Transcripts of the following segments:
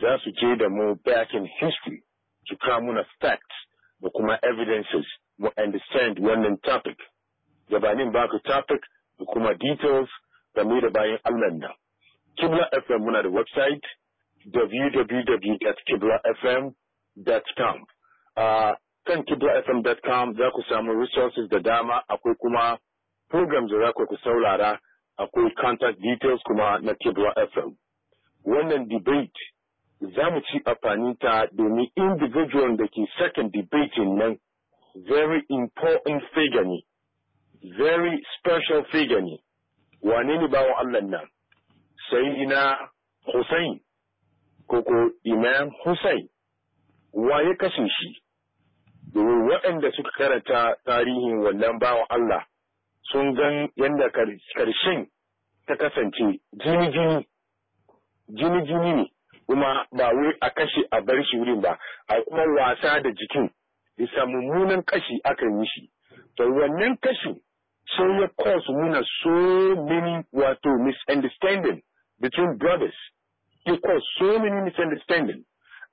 za su je da mu back in history su kawo muna facts da kuma evidences mu understand wannan topic gabanin baka topic da kuma details da game da bayan Allah da Kibla FM muna da website www.kiblafm.com a kan kiblafm.com za ku samu resources da dama akwai kuma programs da za ku saurara akwai contact details kuma na Kibla FM wannan debate za mu ci amfani ta domin individual da ke second debating nan very important figure ne very special figure ne wane ne bawan Allah nan sai ina Hussein koko Imam Hussein wa ya kashe shi domin waɗanda suka karanta tarihin wannan bawan Allah sun gan yadda karshen ta kasance jini-jini jini-jini ne kuma ba wai a kashe a bar shi wurin ba a kuma wasa da jikin bisa mummunan kashi aka yi shi to wannan kashin sai ya cause muna so many wato misunderstanding between brothers ya cause so many misunderstanding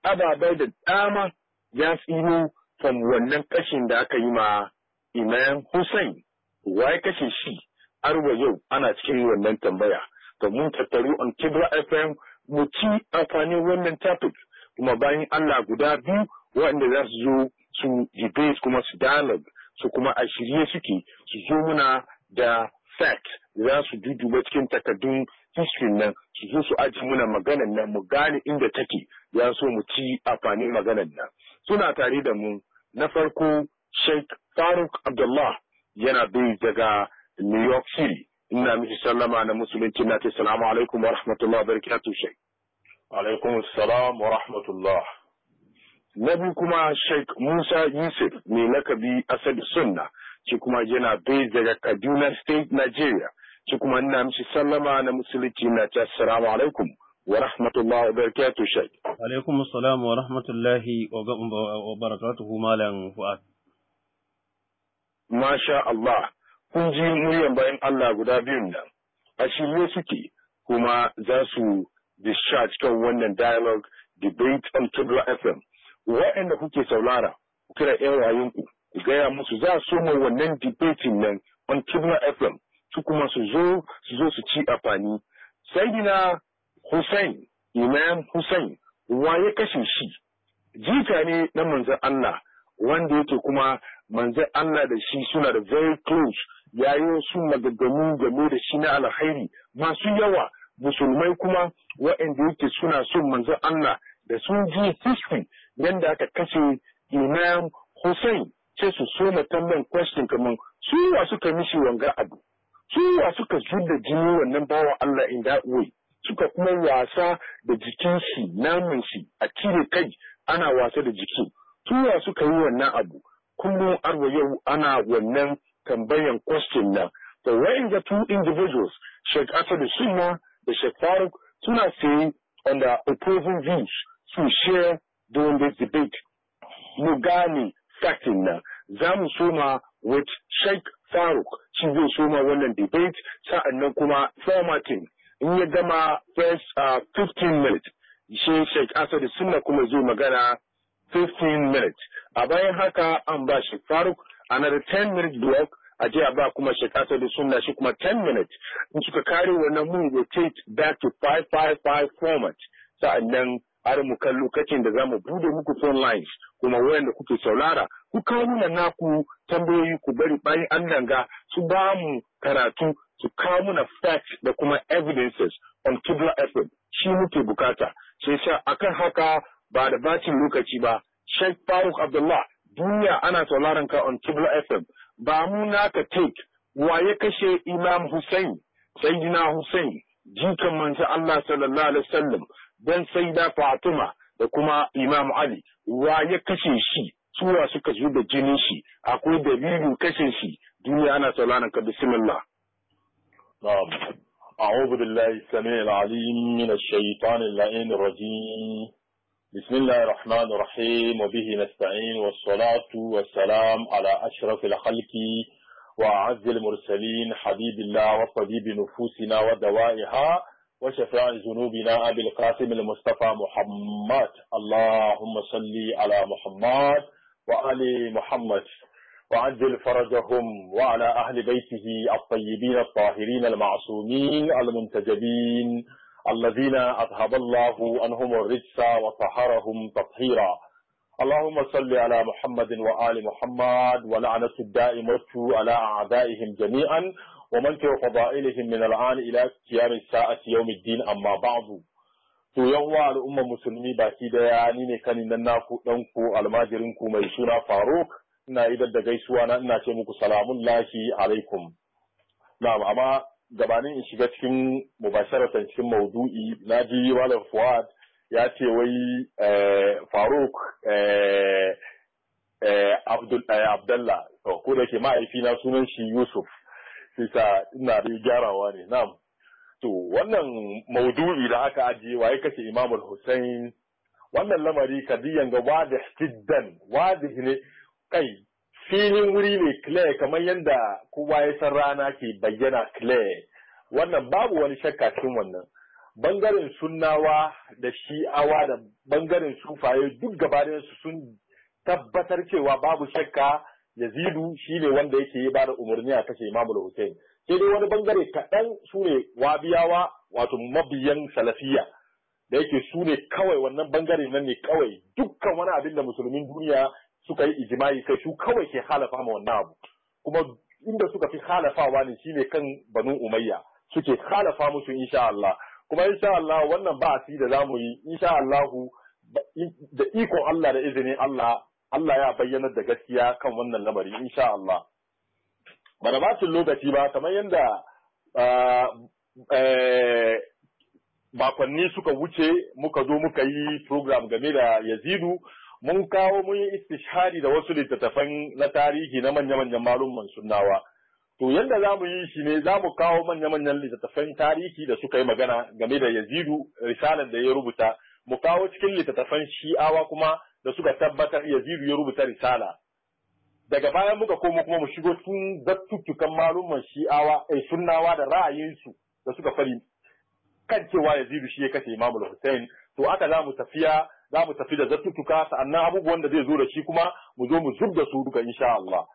ababai da dama ya tsino from wannan kashin da aka yi ma Imam Hussein ya kashe shi arwa yau ana cikin wannan tambaya to mun tattaru on Kibra FM mu ci amfanin wannan topic kuma bayan Allah guda biyu waɗanda za su zo su debate kuma su dialogue su kuma a shirye suke su zo muna da fact za su duduba cikin takardun history nan su zo su aji muna maganan nan mu gane inda take ya so mu ci amfanin maganan nan suna tare da mu na farko Sheikh Faruk Abdullah yana bai daga New York City ina miki sallama na musulunci na ce salamu alaikum wa rahmatullah wa barakatuh shai alaikum salam wa rahmatullah na bi kuma sheikh musa yusuf mai lakabi asad sunna shi kuma yana bai daga kaduna state nigeria shi kuma ina mishi sallama na musulunci na ce assalamu alaikum wa rahmatullahi wa barakatuh shai alaikum assalam wa rahmatullahi wa barakatuhu malam fuad masha allah ji muryan bayan Allah guda biyun nan a shirye suke kuma za su discharge kan wannan dialogue debate on Kibra FM. Waɗanda kuke saulara, kira ‘yan rayunku ku gaya musu za su mai wannan debating nan on Kibra FM, su kuma su zo su zo su ci amfani. Sayyidina Hussein, Imam Hussein, wa ya kashe shi, jita ne na manzan Allah wanda yake kuma manzo Allah da shi suna da very close ya su wasu magagamu game da shi na alkhairi masu yawa musulmai kuma waɗanda yake suna son manzo Allah da sun ji history yadda aka kashe Imam Hussein ce su na tambayan question kamar su wa suka mishi wanga abu su wa suka da jini wannan bawa Allah in that way suka kuma wasa da jikin shi namun shi a cire kai ana wasa da jiki suya suka yi wannan abu kullum arwa yau ana wannan tambayan question na to when the two individuals Sheikh Asadu Sunna da Sheikh Faruk suna sayi on the opposing views to share during this debate mu gane sakin na za mu soma with Sheikh Faruk shi zai soma wannan debate sa'annan kuma formatting in ya gama first uh, 15 minutes shi Sheikh Asadu Sunna kuma zai magana 15 minutes a bayan haka an ba shi faruk another 10 minutes block a je ba kuma shekata da sunna shi kuma 10 minutes in suka kare wannan mun rotate back to 555 format sa'annan har mu kan lokacin da zamu bude muku phone lines kuma wayanda kuke saurara ku kawo mana naku tambayoyi ku bari bayan an danga su ba mu karatu su kawo mana facts da kuma evidences on Kibla FM shi muke bukata sai sha akan haka ba da bacin lokaci ba Sheikh Faruk Abdullah duniya ana sauraron ka on Tibla FM ba mu naka take wa ya kashe Imam Hussein Sayyidina Hussein jikan manzo Allah sallallahu alaihi wasallam dan Sayyida Fatima da kuma Imam Ali wa ya kashe shi suwa suka zo da jinin shi akwai dalilin kashe shi duniya ana sauraron ka bismillah أعوذ بالله السميع العليم من الشيطان اللعين الرجيم بسم الله الرحمن الرحيم وبه نستعين والصلاة والسلام على أشرف الخلق وأعز المرسلين حبيب الله وطبيب نفوسنا ودوائها وشفاء ذنوبنا أبي القاسم المصطفى محمد اللهم صل على محمد وآل محمد وعجل فرجهم وعلى أهل بيته الطيبين الطاهرين المعصومين المنتجبين الذين أذهب الله أنهم الرجس وطهرهم تطهيرا اللهم صل على محمد وآل محمد ولعنة الدائمة على أعدائهم جميعا ومن فضائلهم من الآن إلى قيام الساعة يوم الدين أما بعض to yawa al'ummar musulmi baki daya ni ne kanin nan naku ɗanku almajirinku mai suna faruk ina idar da gaisuwa na ina ce muku salamun lahi alaikum amma gabanin in shiga cikin mubasharatan cikin maudu'i na ji malam fuad ya ce wai eh, faruk eh, eh, abdullah ko da ke ma'aifi na sunan shi yusuf sisa ina da gyarawa ne na'am to wannan maudu'i da aka ajiye waye kace imamul hussein wannan lamari kadiyan ga wadih jiddan wadih ne kai filin wuri ne clear kamar yadda kowa ya san rana ke bayyana clear wannan babu wani shakka cikin wannan bangaren sunnawa da shi'awa da bangaren sufaye duk su sun tabbatar cewa babu shakka yazidu shi ne wanda yake yi bada umarni a kashe da hussein sai dai wani bangare kaɗan su ne wabiyawa wato mabiyan salafiya da yake su ne kawai wannan bangare nan ne kawai dukkan wani abin da musulmin duniya suka yi ijimai kai su kawai ke halafa ma wannan abu kuma inda suka fi halafawa ne shine kan banu umayya suke halafa musu insha Allah kuma insha Allah wannan ba'asi da zamu yi insha Allah da iko Allah da izinin Allah Allah ya bayyana da gaskiya kan wannan lamari insha Allah bana batun lokaci ba kamar yadda ah, eh, bakwanni suka wuce muka zo muka yi program game da Yazidu mun kawo mun yi istishhadi da wasu littattafan na tarihi na manya-manyan malumman sunnawa to yadda za mu yi shi ne za mu kawo manya-manyan littattafan tarihi da suka yi magana game da yazidu risalar da ya rubuta mu kawo cikin littattafan shi'awa kuma da suka tabbatar yazidu ya rubuta risala daga bayan muka komo kuma mu shigo tun zattuttukan malumman shi'awa ai eh, sunnawa da ra'ayinsu da suka fari kan cewa yazidu shi ya kashe imamul hussein to aka za mu tafiya za mu tafi da zartuttuka sa'annan abubuwan da zai zo da shi kuma mu zo mu zub da su duka insha Allah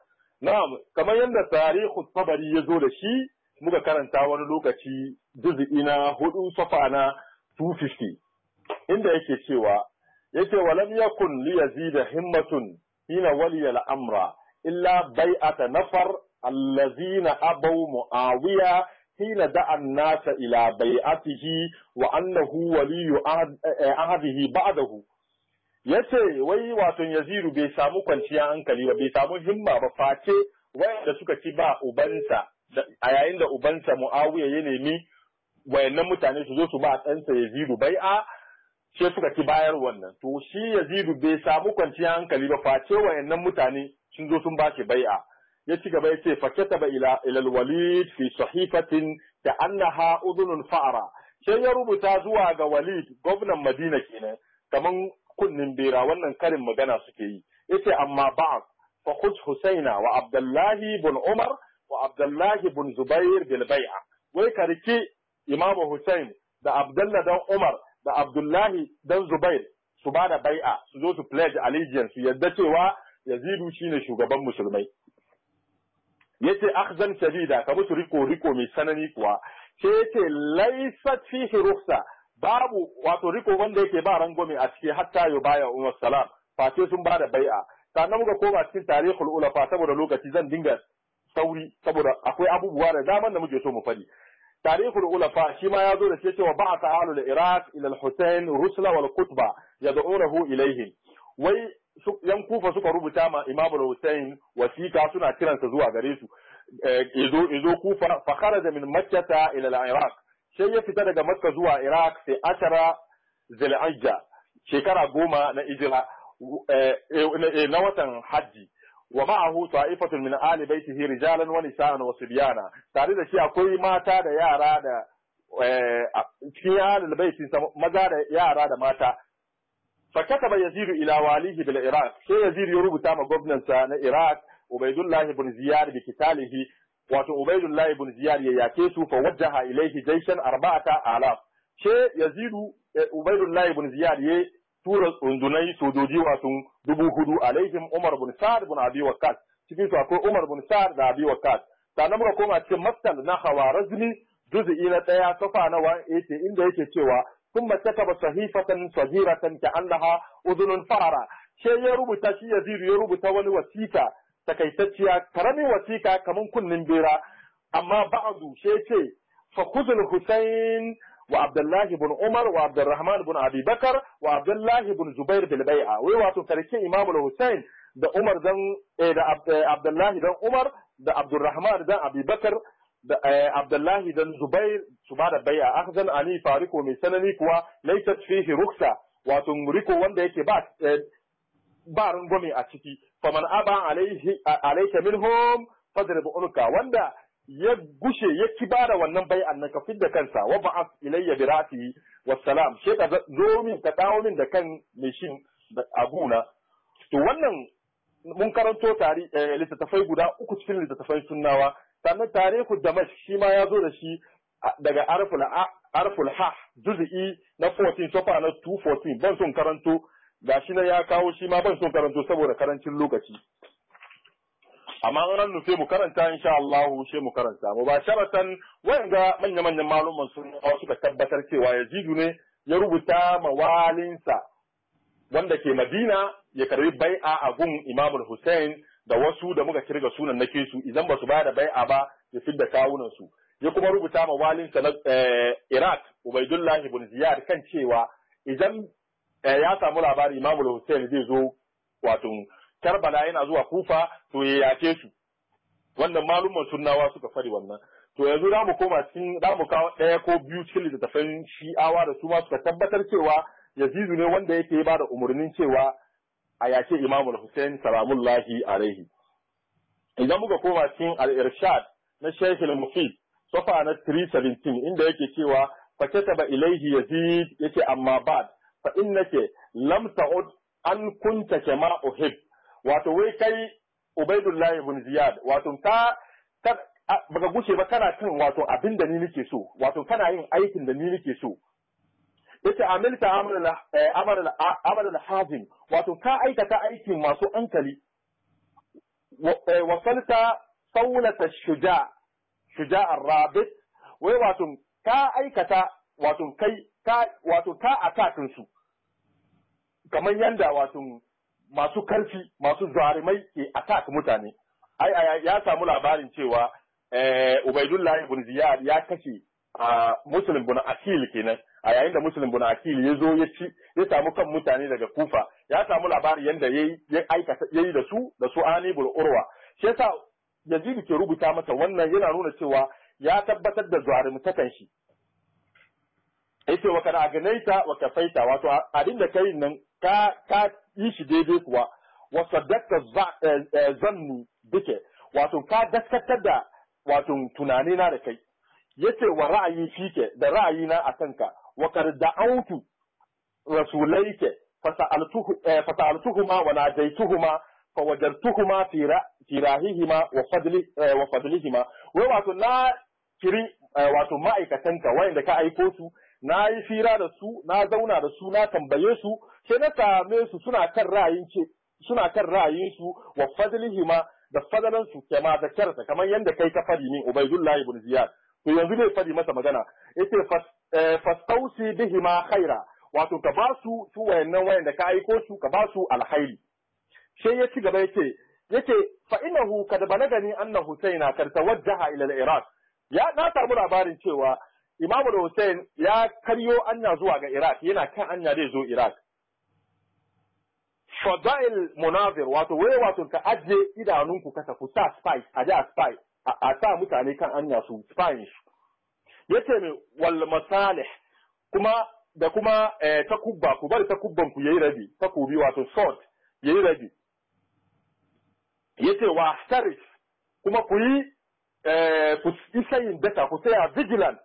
na'am kamar yadda tarihu sabari ya zo da shi muka karanta wani lokaci juz'i na hudu safa na 250 inda yake cewa yake walam yakun li yazida himmatun hina waliya La'amra illa bai bai'ata nafar allazina abaw muawiya hina da'an الناس ila بيعته wa ولي waliyu بعده yace wai wato yaziru bai samu kwanciyar hankali ba bai samu himma ba face wayanda suka ci ba ubansa a yayin da ubansa muawiya ya nemi wayannan mutane su zo su ba ɗansa yaziru bai a ce suka ci bayar wannan to shi yaziru bai samu kwanciyar hankali ba face wayannan mutane sun zo sun ba shi bai'a ya ci gaba ce, fa ta ba ilal walid fi sahifatin ta annaha udunun fa'ara. sai ya rubuta zuwa ga walid gwamnan madina kenan kaman kunnin bera wannan karin magana suke yi yace amma ba'd fa husaina wa abdullahi bin umar wa abdullahi bin zubair bil bai'a wai ka riki imam husain da abdullahi dan umar da abdullahi dan zubair su bada bai'a su zo su pledge allegiance su yadda cewa yazidu shine shugaban musulmai Ya yace akhzan shadida ka musu riko riko mai sanani kuwa sai yace laysat fihi rukhsa babu wato riko wanda yake ba rangwame a ciki hatta yu baya umar salam face sun bada bai'a sannan muka koma cikin tarihul ulafa saboda lokaci zan dinga sauri saboda akwai abubuwa da dama da muke so mu fadi tarihul ulafa shi ma ya zo da shi cewa ba'atha ahlul iraq ila al-husayn rusula wal qutba yad'unahu ilayhim wai yan kufa suka rubuta ma Imam Hussein wasiƙa suna kiransa zuwa gare su izo eh, kufa fa kharaja min makkah ila al-iraq sai ya fita daga makka zuwa iraq sai ashara zilhijja shekara goma na ijira eh, eh, na watan hajji wa ma'ahu ta'ifatun min ali baitihi rijalan wa nisa'an wa sibyana tare da shi akwai mata da yara da cikin ahlul baiti maza da yara da mata Fa fakataba yazidu ila walihi bil iraq sai yazidu ya rubuta ma gwamnansa na iraq ubaidullah ibn ziyad bi kitalihi wato ubaidullah ibn ziyad ya yake su fa wajjaha ilaihi jayshan arba'ata alaf sai yazidu ubaidullah ibn ziyad ya tura tsundunai sojoji wato dubu hudu alaihim umar bin sa'ad bin abi waqqas cikin su akwai umar bin sa'ad da abi waqqas sannan muka koma cikin masal na khawarazmi juz'i na daya safa na 180 inda yake cewa ثم كتب صحيفة صغيرة كأنها أذن فررة شيء يربط شيء يزيد wani والوسيكة takaitacciya karamin wasika kamar kunnen-bira. amma ba'adu she ce fa khuzul husayn wa abdullahi ibn umar wa abdurrahman ibn abi bakar wa abdullahi ibn zubair bil bai'a wai wato sarki imam al da umar dan da abdullahi dan umar da abdurrahman dan abi Eh, Abdullahi dan Zubair su ba da bai'a Akazan ani fariko mai sanani kuwa laysat fihi ruksa wato riko wanda yake ba eh, ba rungume a ciki faman aba alaihi alayka minhum fadrib unka wanda ya gushe ya kibara wannan bai'an nan ka fidda kansa wa ba'as ilayya bi ra'si wassalam sai ka zo min ka dawo min da kan mai shin da to wannan mun karanto tari eh, littattafai guda uku cikin littattafan sunnawa sannan tarihu damash shi ma ya zo da shi daga arful ha juzi'i na 14 sofa na 214 ban son karanto shi na ya kawo shi ma ban son karanto saboda karancin lokaci amma ran nufe mu karanta insha Allah she mu karanta mu ba sharatan wanga manya manyan maluman sun suka tabbatar cewa Yazidu ne ya rubuta mawalinsa wanda ke Madina ya karbi bai'a a gun Imam Hussein da wasu da muka kirga sunan na kesu idan ba su ba da bai'a ba ya fidda kawunan su ya kuma rubuta ma walin sa na eh, Iraq Ubaidullah ibn Ziyad kan cewa idan eh, ya samu labari Imam Hussein zai zo wato Karbala yana zuwa Kufa to ya yace su wannan malumman sunnawa suka fari wannan to yanzu za mu koma cikin za mu kawo ɗaya ko biyu cikin littattafan shi'awa da su ma suka tabbatar cewa yazizu ne wanda yake ba da umarnin cewa a yake imamul hussein salamullahi alaihi idan muka koma cikin al-irshad na Sheikh al-mufid safa na 317 inda yake cewa fa kataba ilaihi yazid yace amma ba'd fa innaka lam ta'ud an kunta kama uhib wato wai kai ubaidullah ibn ziyad wato ta baka gushe ba kana kan wato abin ni nake so wato kana yin aikin da ni nake so yace amilta amalan eh, amalan amalan hazim wato ka aikata aikin masu hankali wasalta eh, saulata shuja shuja'ar rabit wai wato ka aikata wato kai ka wato ka atakin su kamar yanda wato masu karfi masu zarimai ke attack mutane ai ya samu labarin cewa eh Ubaidullah ibn Ziyad ya kashe a ah, Muslim ibn Asil kenan a yayin da musulun bin akil ya zo ya ci ya samu kan mutane daga kufa ya samu labari yadda ya yi da su da su ani urwa shi yasa yazid ke rubuta masa wannan yana nuna cewa ya tabbatar da mutakan shi ce wa kana ganaita wa kafaita wato abin da kai nan ka ka yi shi daidai kuwa wa saddaqta eh, eh, zanni dike wato ka daskatar da wato tunanina da kai yace wa ra'ayi fike da ra'ayina a kanka wa qad da'awtu rasulayka fasa'altuhu fasa'altuhuma wa najaytuhuma fawajartuhuma fi fi rahihima wa wa fadlihima wai wato na kiri wato ma'aikatanka wayanda ka aiko su na yi fira da su na zauna da su na tambaye su sai na same su suna kan ra'ayin ce su wa fadlihima da fadalan su da karsa kamar yadda kai ka fadi min ubaidullah ibn to yanzu zai fadi masa magana yace fastausi eh, bihima khaira wato ka ba su su wayannan wayanda ka aiko su ka ba su alkhairi sai ya ci gaba yace yace fa innahu kad balagani anna husaina kad tawajjaha ila al-iraq ya na samu labarin cewa Imam Hussein ya karyo anya zuwa ga Iraq yana kan anya zai zo Iraq Fadail munazir wato wai wato ka aje idanunku kasa ku sa spice a da spice a sa mutane kan anya su Spanish. Ya ce mai wal masalih kuma da kuma eh, ta kubba ku bari ta kubban ku yayi rabi ta kubi, wato sword yayi rabi Ya ce wa sarif kuma ku yi eh, ku isayin data ku tsaya vigilant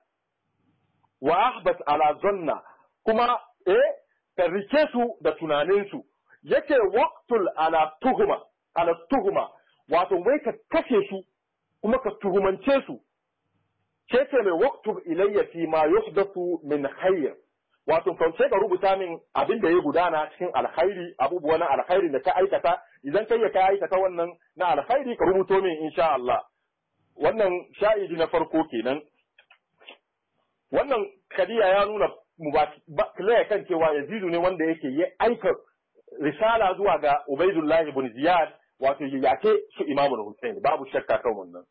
wa ahbas ala zanna kuma eh rike su da tunaninsu. su ce waqtul ala tuhuma ala tuhuma wato wai ka kashe su kuma ka tuhumance su ke ce mai waktu ilayya fi ma yuhdathu min khayr wato fance ka rubuta min abin da ya gudana cikin alkhairi abubuwan alkhairi da ka aikata idan kai ya ka aikata wannan na alkhairi ka rubuto min insha Allah wannan sha'idi na farko kenan wannan kadiya ya nuna clear kan cewa yazidu ne wanda yake yi aika risala zuwa ga ubaidullahi ibn ziyad wato ya yake su imamu hussein babu shakka kan wannan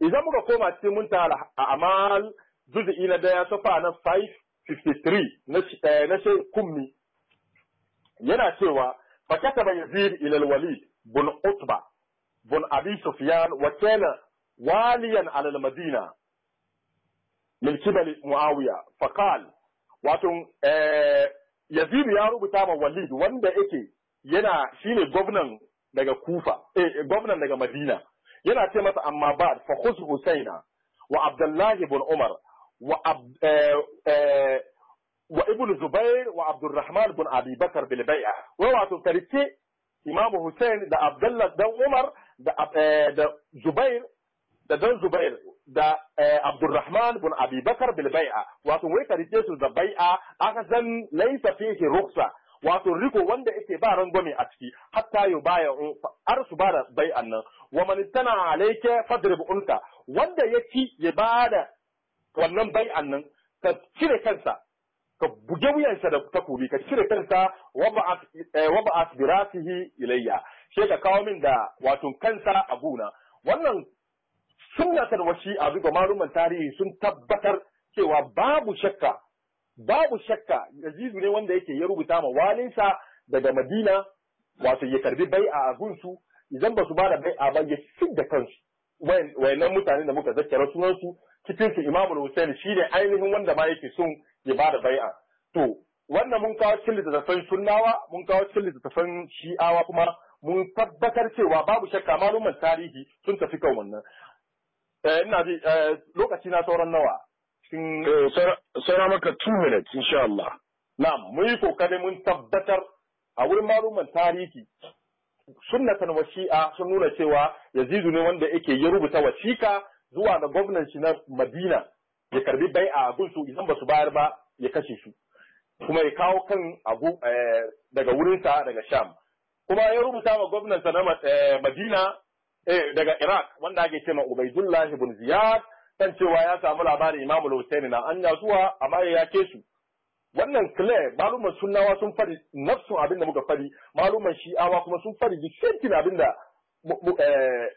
idan muka koma cikin munta amal juzu'i na daya sofa na 553 na shi eh, kummi yana cewa fakata bai yazid ilal walid bun utba bun abi sufyan wa kana waliyan ala madina min kibali muawiya faqal wato eh, yazid ya rubuta ma walid wanda yake yana shine gwamnan daga kufa eh gwamnan daga madina yana ce masa amma ba fa khuz husaina wa abdullahi ibn umar wa wa ibn zubair wa abdurrahman ibn abi bakr bil bai'a wa wato tarike imam husain da abdullah da umar da da zubair da dan zubair da abdurrahman ibn abi bakr bil bai'a to wai tarike su da bai'a aka san laysa fihi rukhsah wato riko wanda yake ba rangwame a ciki hatta yu baya har su da bai annan wa man tana alayka fadrib unka wanda ya ci ya bada wannan bai annan ka cire kansa ka buge wuyansa da takobi ka cire kansa wa ba eh, birasihi ilayya sai ka kawo min da wato kansa a guna wannan sunnatar wasi a ga maluman tarihi sun tabbatar cewa babu shakka babu shakka Yazidu ne wanda yake ya rubuta ma walinsa daga Madina wato ya karbi bai a gunsu idan ba su ba da bai a ba ya fi da kansu wayannan mutane da muka zakkara sunansu cikin su Imam Hussein shine ainihin wanda ma yake son ya ba da bai'a to wannan mun kawo cikin littattafan sunnawa mun kawo cikin littattafan shi'awa kuma mun tabbatar cewa babu shakka maluman tarihi sun tafi kan wannan eh, ina ji eh, lokaci na sauran nawa cikin eh, maka two minutes insha Allah na mu yi kokari mun tabbatar a wurin maluman tarihi sunnatan wasi'a sun nuna cewa yazidu ne wanda yake ya rubuta wasiƙa zuwa ga gwamnan shi na Madina ya karbi bai a gunsu idan ba su bayar ba ya kashe su kuma ya kawo kan abu eh, daga wurinsa daga Sham kuma ya rubuta wa gwamnan sa na eh, Madina daga Iraq wanda ake cewa Ubaidullah ibn Ziyad kan cewa ya samu labarin Imam husaini na an yasuwa zuwa amma ya yake wannan clear maluman sunnawa sun fari nafsun abinda muka fari maluman shi'awa kuma sun fari the same abinda da eh,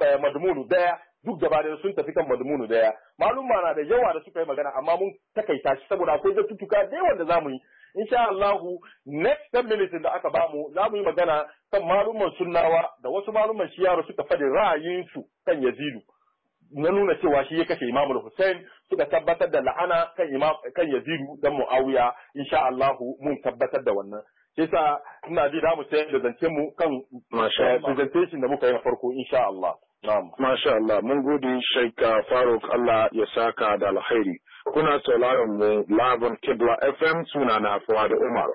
eh, madmunu daya duk gaba da sun tafi kan madmunu daya maluma na da yawa da suka yi magana amma mun takaita shi saboda akwai zattutuka da yawan da zamu yi insha Allah next minute da aka bamu zamu yi magana kan maluman sunnawa da wasu maluman shiyaro suka fadi ra'ayinsu kan Yazidu na nuna cewa shi ya kashe Imam Hussein suka tabbatar da la'ana kan Imam kan Yazid dan Muawiya insha Allah mun tabbatar da wannan sa ina ji da mu sai da zance mu kan eh, presentation da muka yi na farko insha Allah Masha Allah, mun gode Shaika Faruk Allah ya saka da alkhairi. Kuna sauraron mu Labon Kibla FM suna na da Umar.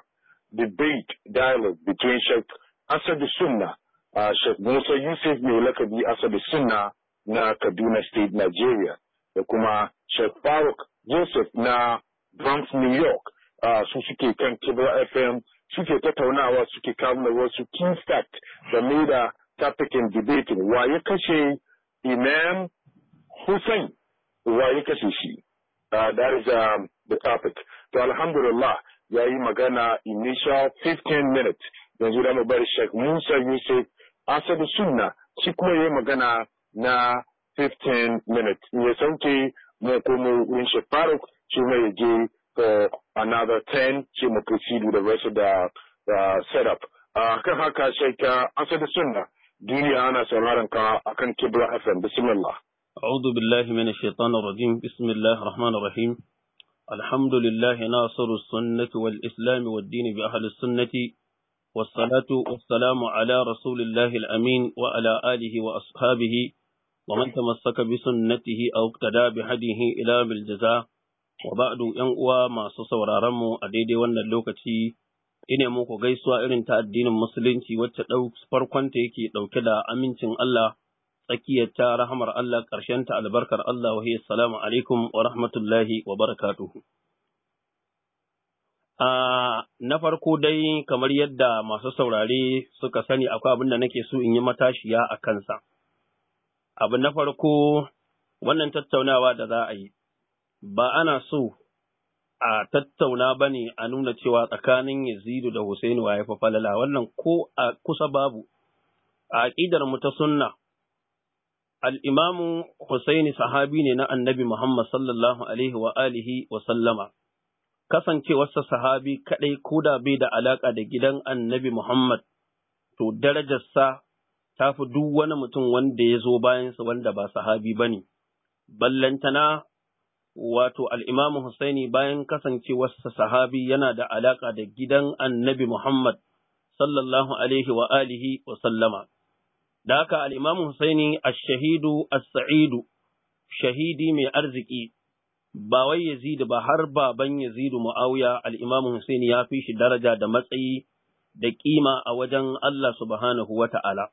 Debate dialogue between Sheikh Asadu Sunna, uh, Sheikh Musa Yusuf mai lakabi Asadu Sunna na Kaduna State, Nigeria, da kuma Sheikh Faruk Joseph na Bronx, New York, su suke kan Kibra FM suke tattaunawa suke kawo wasu key fact game da tafikin debating wa ya kashe Imam Hussein wa ya kashe shi. That is um, the topic. To alhamdulillah ya yi magana initial 15 minutes yanzu da mu bari Sheikh Musa Yusuf Asadu Sunna shi kuma ya magana na 15 minutes. Ya sauke mu kuma Winship Faruk shi ma ya for another 10 shi mu proceed with the rest of the uh, setup. Uh, kan haka sai ka asali sunna duniya ana sauraron ka akan Kibra FM bismillah. أعوذ بالله من الشيطان الرجيم بسم الله الرحمن الرحيم الحمد لله ناصر السنة والإسلام والدين بأهل السنة والصلاة والسلام على رسول الله الأمين وعلى آله وأصحابه ومن تمسك بسنته أو اقتدى بهديه إلى بالجزاء وبعد ينقوى ما سوسورارمو أديدي وانا اللوكتي ine muku gaisuwa irin ta addinin musulunci wacce farkonta yake ɗauke da amincin Allah tsakiyarta rahmar Allah ta albarkar Allah wahiyar salamu alaikum wa rahmatullahi wa A Na farko dai kamar yadda masu saurare suka sani akwai abin da nake so in yi matashiya a kansa. Abu na farko wannan tattaunawa da za a yi, ba ana so a tattauna ba ne a nuna cewa tsakanin Yazidu da Husainu ya fa falala wannan ko a kusa babu. A aƙidar mu ta sunna, al'imamu Husaini sahabi ne na annabi Muhammad sallallahu Alaihi wa alihi wa sallama, kasancewarsa sahabi kaɗai ko da bai da alaƙa da gidan annabi Muhammad, to darajarsa ta fi duk wani mutum wanda ya zo bayansa wanda ba sahabi ba ne, ballantana wato al'imamu Husaini bayan kasancewarsa sahabi yana da alaƙa da gidan annabi Muhammad sallallahu alaihi wa alihi wa sallama. Da haka al'imamu Husaini a shahidu a saidu shahidi mai arziki, ba wai Yazidu ba har baban Yazidu Mu'awiya al'imamu Husaini ya fi shi daraja da matsayi da ƙima a wajen Allah subhanahu wa ta'ala.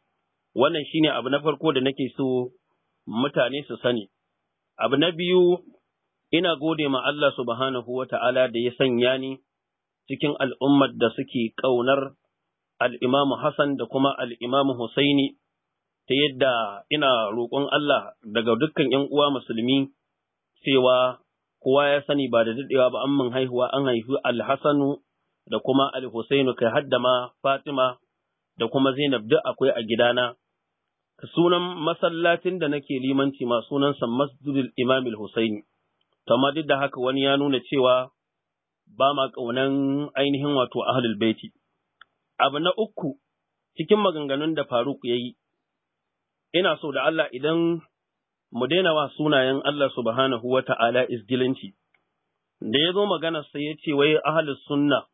wannan shi ne abu na farko da nake so mutane su sani abu na biyu ina gode ma Allah subhanahu wa ta'ala da ya sanya ni cikin al'ummar da suke ƙaunar al'imamu Hassan da kuma al'imamu Husaini ta yadda ina roƙon Allah daga dukkan ‘yan uwa musulmi cewa kowa ya sani ba da daɗewa ba an min haihuwa an haifi alhassanu da kuma alhusainu kai haddama Fatima da kuma Zainab duk akwai a gidana. Sunan masallacin da nake limanci ma sunansa Masjidul Imam Husaini. Tamma duk da haka wani ya nuna cewa ba ma ƙaunan ainihin wato ahlul baiti. Abu na uku cikin maganganun da Faruk ya yi, ina so da Allah idan mu daina wa sunayen Allah subhanahu wa ta'ala da ya zo magana sai ya ce wai ahlus sunna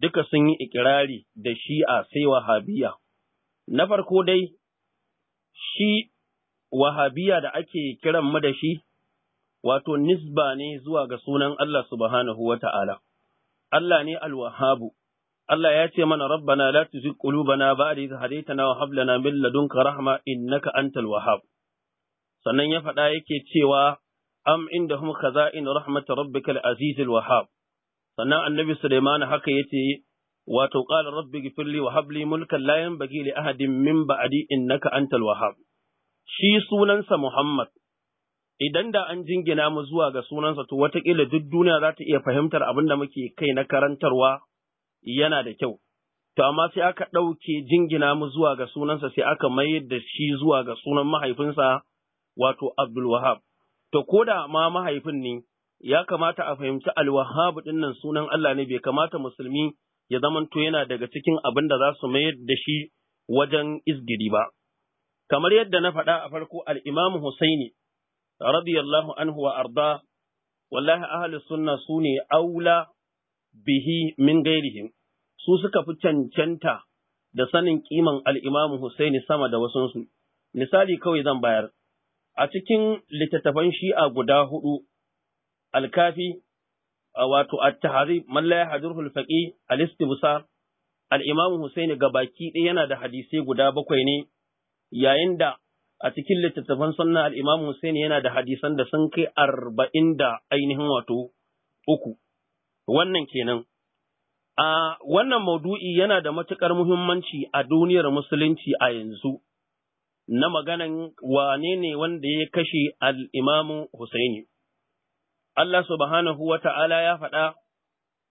duka sun yi ikirari da shi'a sai wahabiya. Na farko dai, shi wahabiya da ake kiran mu da shi, wato nisba ne zuwa ga sunan Allah subhanahu wa ta'ala. Allah ne alwahabu, Allah ya ce mana rabbana la tuzigh qulubana ba'da idh hadaytana wa hab lana min ladunka rahma innaka antal wahhab. Sannan ya faɗa yake cewa am indahum khaza'in rahmat rabbikal azizil wahhab. sannan annabi Suleiman haka yace wato qala rabbi gifirli wa habli mulkan la yanbaghi li ahadin min ba'di innaka antal wahhab shi sunansa Muhammad idan da an jingina mu zuwa ga sunansa to watakila duk duniya za ta iya fahimtar abin da muke kai na karantarwa yana da kyau to amma sai aka ɗauke jingina mu zuwa ga sunansa sai aka mayar da shi zuwa ga sunan mahaifinsa wato Abdul Wahab to koda ma mahaifin ne ya kamata a fahimci alwahab din nan sunan Allah ne bai kamata musulmi ya zamanto yana daga cikin abin da za su mayar da shi wajen izgiri ba. Kamar yadda na faɗa a farko al'imamu Husaini, radiyallahu anhu wa arda, wallahi ahli sunna su ne aula bihi min gairihim, su suka fi cancanta da sanin kiman al'imamu Husaini sama da wasunsu. Misali kawai zan bayar, a cikin littattafan shi'a guda huɗu alkafi wato at-tahzib man la yahdurhu al-faqi al-istibsar al-imam Husaini ɗaya yana da hadisai guda bakwai ne yayin da a cikin littattafan sunna al-imam Husaini yana da hadisan da sun kai arba'in da ainihin wato uku wannan kenan a wannan maudu'i yana da matuƙar muhimmanci a duniyar musulunci a yanzu na maganan wane ne wanda ya kashe al-imam Husaini Allah subhanahu wa ta'ala ya faɗa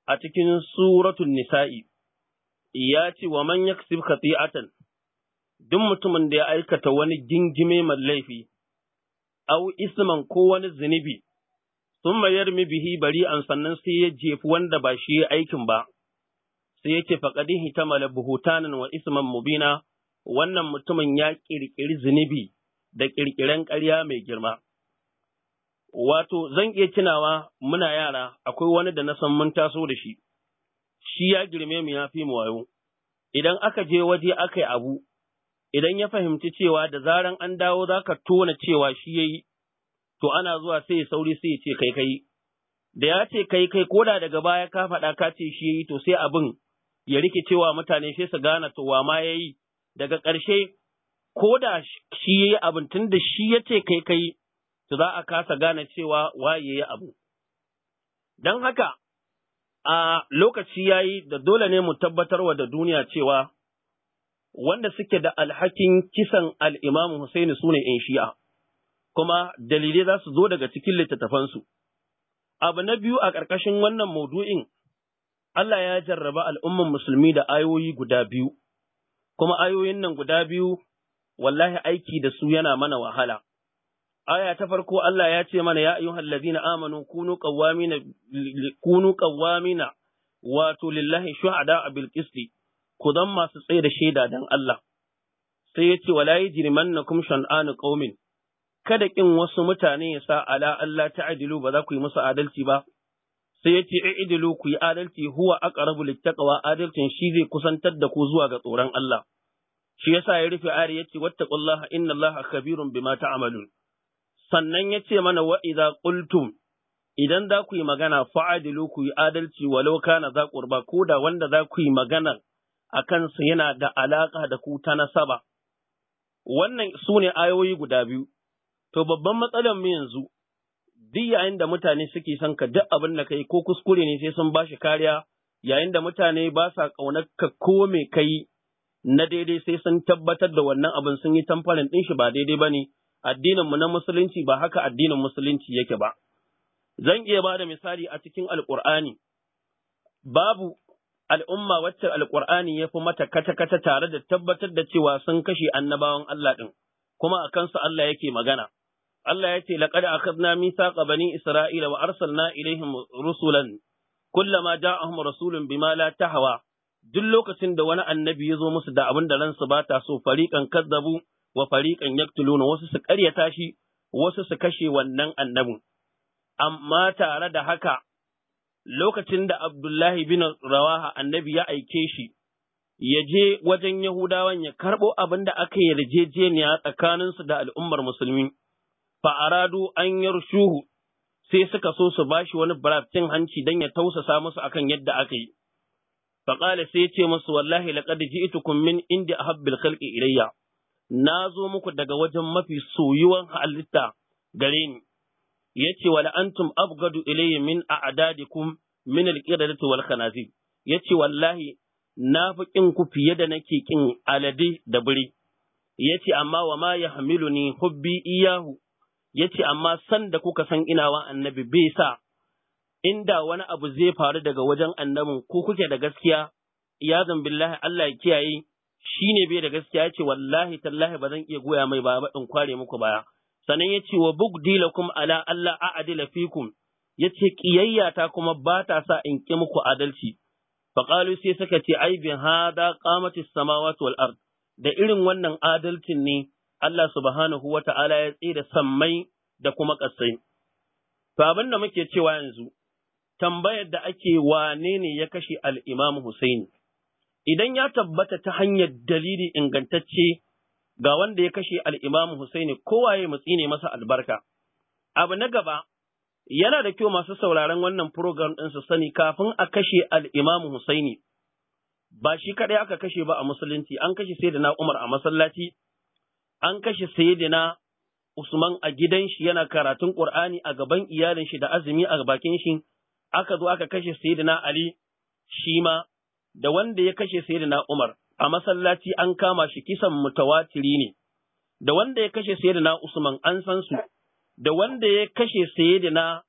a cikin suratun nisa'i, ya ce wa man yaksib atan, duk mutumin da ya aikata wani gingime mai laifi, au isman ko wani zunubi, sun mayar mi bihi bari an sannan sai ya jefi wanda ba shi ya aikin ba, sai yake faƙadin hitamala buhutanin wa isman mubina, wannan mutumin ya ƙirƙiri zunubi da ƙirƙiren ƙarya mai girma. Wato, zan iya tunawa muna yara akwai wani da na san mun taso da shi, shi ya girme mu ya fi mu wayo. Idan aka je waje aka yi abu, idan ya fahimci cewa da zaran an dawo za ka tona cewa shi ya yi, to ana zuwa sai ya sauri sai ya ce kai kai. Da ya ce kai kai koda daga baya ka faɗa ka ce shi ya yi to sai abin ya rike cewa mutane sai su gana to wa ma ya yi. Daga ƙarshe, ko da shi ya yi abin tun da shi ya ce kai kai su za a kasa gane cewa waye ya abu. Don haka, a lokaci ya yi da dole ne mu tabbatar wa da duniya cewa wanda suke da alhakin kisan al'imamu Hussaini su ne ‘yan shi'a, kuma dalilai za su zo daga cikin littattafansu. Abu na biyu a ƙarƙashin wannan maudu'in, Allah ya jarraba al'umman musulmi da ayoyi guda biyu, kuma ayoyin nan guda biyu, wallahi aiki da su yana mana wahala. aya ta farko Allah ya ce mana ya ayyuhal ladina amanu kunu qawwamina kunu qawwamina wato lillahi shuhada bil qisti ku zan masu tsaye da shaida dan Allah sai ya ce wala yajrimannakum shan'anu qaumin kada kin wasu mutane ya sa ala Allah ta'dilu ba za ku yi musu adalci ba sai ya ce i'dilu ku yi adalci huwa aqrabu littaqwa adalcin shi zai kusantar da ku zuwa ga tsoron Allah shi yasa ya rufe ayar yace wattaqullaha innallaha khabirun bima ta'malun sannan ya ce mana wa'iza ƙultum, idan za ku yi magana fa'adilu ku yi adalci walau kana za ƙurba ko da wanda za ku yi magana a kansu yana da alaƙa da ku ta nasaba. Wannan su ne ayoyi guda biyu, to babban matsalar mu yanzu, duk yayin da mutane suke son ka duk abin da kai ko kuskure ne sai sun ba shi kariya, yayin da mutane ba sa ƙaunar ka ko me kai na daidai sai sun tabbatar da wannan abin sun yi tamfarin ɗin shi ba daidai ba ne, addininmu na musulunci ba haka addinin musulunci yake ba. Zan iya ba da misali a cikin Alƙur'ani, babu al'umma wacce Alƙur'ani ya fi mata kata-kata tare da tabbatar da cewa sun kashe annabawan Allah ɗin, kuma a kansu Allah yake magana. Allah ya ce, a akhadna misa bani Isra'ila wa arsalna ilaihim rusulan kullama ja'ahum rasulun bima la hawa. duk lokacin da wani annabi ya zo musu da abin da ransu ba ta so fariƙan kazzabu wa fariqan yaktuluna wasu su ƙaryata shi wasu su kashe wannan annabin amma tare da haka lokacin da Abdullahi bin Rawaha annabi ya aike shi ya je wajen Yahudawan ya karɓo abin da aka yarjejeniya tsakaninsu da al'ummar musulmi Fa fa'aradu an yarshuhu sai suka so su bashi wani barafcin hanci dan ya tausasa musu akan yadda aka yi. Faƙala sai ya ce musu wallahi laqad ji'tukum min indi ahabbil khalqi ilayya na zo muku daga wajen mafi soyuwan halitta gare ni yace wala antum abgadu ilayya min a'dadikum min al-qiradati wal Ya yace wallahi na fi kin ku fiye da nake kin alade da biri yace amma wa ma yahmiluni hubbi iyahu yace amma san da kuka san ina wa annabi bai sa inda wani abu zai faru daga wajen annabin ko kuke da gaskiya iyazan billahi Allah ya kiyaye shi ne bai da gaskiya ce, wallahi tallahi ba zan iya goya mai ba in kware muku baya sannan yace wa dilakum ala Allah adila fikum yace kiyayya ta kuma ba ta sa in ki muku adalci fa qalu sai suka ce ai bin hada qamatis samawati wal ard da irin wannan adalcin ne Allah subhanahu wa ta'ala ya tsira sammai da kuma ƙasai. To abin da muke cewa yanzu, tambayar da ake wane ne ya kashe al'imamu Husaini, idan ya tabbata ta hanyar dalili ingantacce ga wanda ya kashe al'imamu Husaini kowaye mutsi ne masa albarka. Abu na gaba, yana da kyau masu sauraron wannan program ɗin su sani kafin a kashe al'imamu Husaini, ba shi kaɗai aka kashe ba a musulunci, an kashe Sayyidina Umar a masallaci, an kashe Sayyidina Usman a gidan shi yana karatun Ƙur'ani a gaban iyalin shi da azumi a bakin shi, aka zo aka kashe Sayyidina Ali shi ma da wanda ya kashe sayyidina Umar a masallaci an kama shi kisan mutawatiri ne da wanda ya kashe sayyidina Usman an san su da wanda ya kashe sayyidina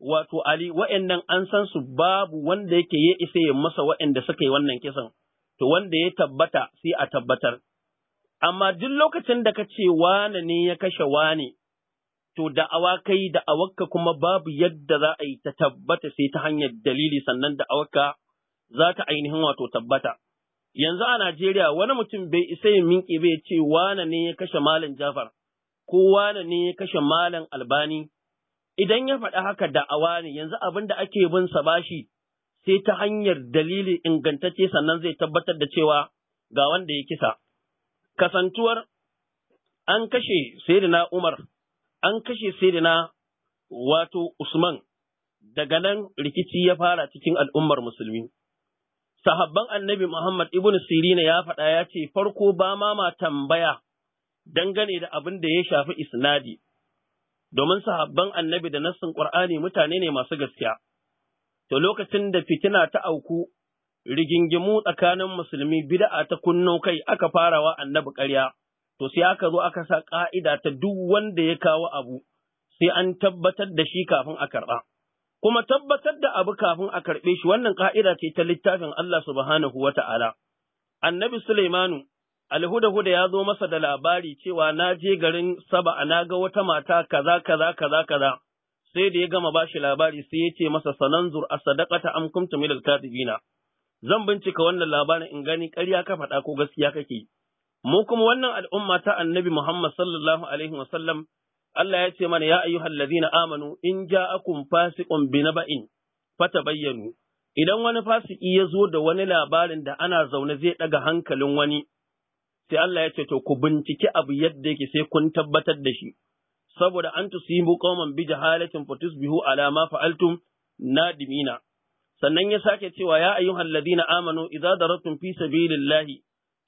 wato Ali wa'annan an san su babu wanda yake ya isa ya masa wa'anda suka yi wannan kisan to wanda ya tabbata sai a tabbatar amma duk lokacin da ka ce wane ne ya kashe wane to da'awa kai awakka kuma babu yadda za a yi ta tabbata sai ta hanyar dalili sannan da awakka za ta ainihin wato tabbata. Yanzu a Najeriya wani mutum bai isa ya minke bai ce wane ne ya kashe Malam Jafar ko wane ne ya kashe Malam Albani. Idan ya faɗi haka da awa ne yanzu abin da ake bin sa bashi sai ta hanyar dalili ingantacce sannan zai tabbatar da cewa ga wanda ya kisa. Kasantuwar an kashe Sayyidina Umar, an kashe Sayyidina wato Usman, daga nan rikici ya fara cikin al'ummar musulmi. sahabban annabi Muhammad ibn Sirina ya faɗa ya ce farko ba ma ma tambaya dangane da abin da ya shafi isnadi, domin sahabban annabi da nassin ƙur'ani mutane ne masu gaskiya. To lokacin da fitina ta auku, rigingimu tsakanin musulmi bida'a ta kunno kai aka farawa annabi ƙarya, to sai aka zo aka sa ƙa'ida ta duk wanda ya kawo abu, sai an tabbatar da shi kafin a karɓa. kuma tabbatar da abu kafin a karɓe shi wannan ka'ida ce ta littafin Allah subhanahu wa ta'ala. Annabi Suleimanu, alhuda-huda ya zo masa da labari cewa na je garin saba na ga wata mata kaza kaza kaza kaza sai da ya gama ba shi labari sai ya ce masa sananzur a sadakata am kuntum min katibina zan bincika wannan labarin in gani karya, ka faɗa ko gaskiya kake mu kuma wannan al'umma ta annabi Muhammad sallallahu alaihi wasallam Allah ya ce mana ya ayyuhal ladina amanu in ja'akum fasiqun naba'in fatabayyanu idan wani fasiki ya zo da wani labarin da ana zaune zai daga hankalin wani sai Allah ya ce to ku binciki abu yadda yake sai kun tabbatar da shi saboda an tusimu qauman bi jahalatin fatusbihu ala ma fa'altum nadimina sannan ya sake cewa ya ayyuhal ladina amanu idza daratum fi sabilillahi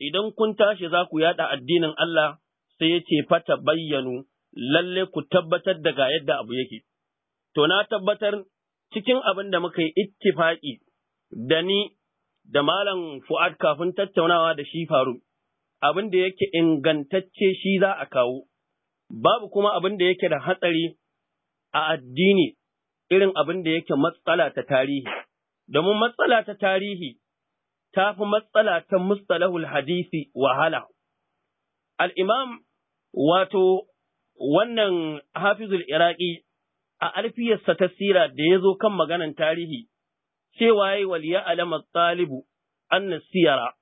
idan kun tashi za ku yada addinin Allah sai ya ce fatabayyanu lalle ku tabbatar daga yadda abu yake. To, na tabbatar cikin abin da muka yi ittifaƙi da ni da Malam Fu'ad kafin tattaunawa da shi faru, abin da yake ingantacce shi za a kawo, babu kuma abin da yake da hatsari a addini irin abin da yake matsala ta tarihi, domin matsala ta tarihi ta fi matsala ta mustalahul hadisi wahala. Al'imam wato wannan hafizul iraki a alfiyarsa ta sira da ya zo kan maganar tarihi cewa yi waliya alama talibu an siyara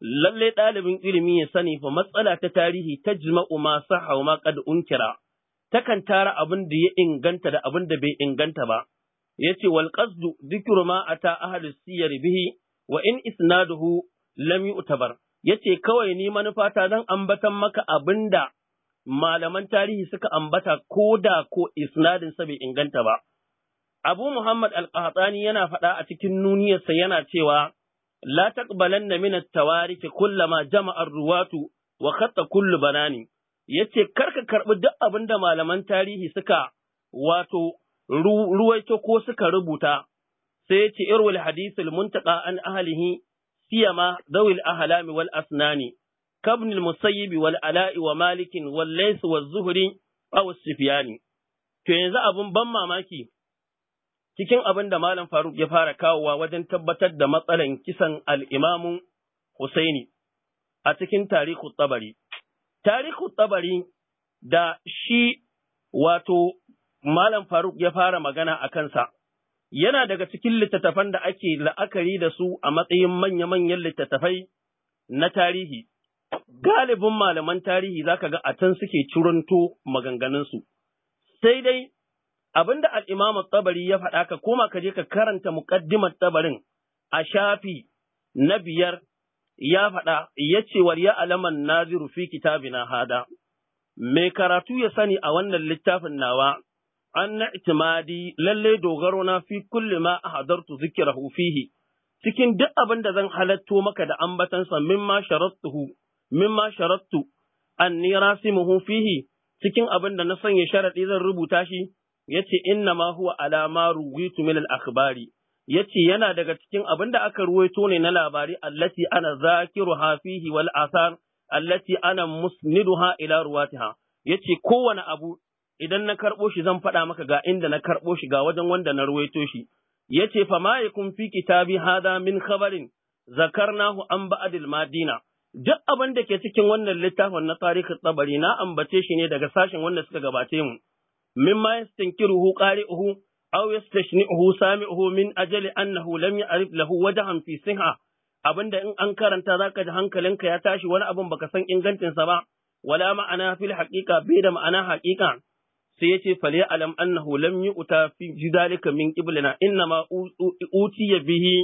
lalle ɗalibin ilimi ya sani fa matsala ta tarihi ta jima'u ma saha ma kad unkira takan tara abin da ya inganta da abin da bai inganta ba yace wal qasdu dhikru ma ata ahli siyar bihi wa in isnaduhu lam yu'tabar yace kawai ni manufata ta dan ambatan maka abinda malaman tarihi suka ambata ko da ko isnadin bai inganta ba. Abu Muhammad Al-Qahtani yana faɗa a cikin nuniyarsa yana cewa la taqbalanna min at-tawarith kullama jama'a ruwatu wa khatta kullu banani yace karka karɓi duk abin da malaman tarihi suka wato ruwaito ko suka rubuta sai yace irwal hadisul muntaqa an ahlihi siyama dawil ahlami wal asnani كابن المسيب والعلاء ومالك والليث والزهري أو السفياني to yanzu abin ban mamaki cikin abin da Malam Faruk ya fara kawowa wajen tabbatar da matsalan kisan al'imamu Husaini a cikin tarihu tsabari. Tarihu tsabari da shi wato Malam Faruk ya fara magana a kansa, yana daga cikin littattafan da ake la'akari da su a matsayin manya-manyan littattafai na tarihi, galibin malaman tarihi za ka ga a can suke curanto maganganunsu. Sai dai abin da al'imamu tabari ya faɗa ka koma ka je ka karanta muƙaddimar tsabarin, a shafi na biyar ya faɗa ya ce wa ya alaman naziru fi na hada. Mai karatu ya sani a wannan littafin nawa an na itimadi lalle dogaro na fi kulle ma a hadartu zikira fihi cikin duk abin da zan halatto maka da ambatansa mimma sharattuhu mimma sharattu ni rasimuhu fihi cikin abin da na sanya sharaɗi zan rubuta shi yace inna ma huwa ala ma ruwitu min al akhbari yace yana daga cikin abin da aka ruwaito ne na labari allati ana zakiruha fihi wal asar allati ana musniduha ila ruwatiha yace kowane abu idan na karɓo shi zan faɗa maka ga inda na karɓo shi ga wajen wanda na ruwaito shi yace fa ma yakun fi kitabi hada min khabarin zakarnahu an ba'dil madina duk abin da ke cikin wannan littafin na tarihin tsabari na ambace shi ne daga sashen wanda suka gabace mu mimma yastankiruhu qari'uhu aw yastashni'uhu sami'uhu min ajali annahu lam ya'rif lahu wajhan fi siha abinda in an karanta zaka ji hankalinka ya tashi wani abin baka san ingancin sa ba wala ma'ana fil haqiqa bai da ma'ana haqiqa sai yace fali alam annahu lam yu'ta fi jidalika min qiblina inna ma utiya bihi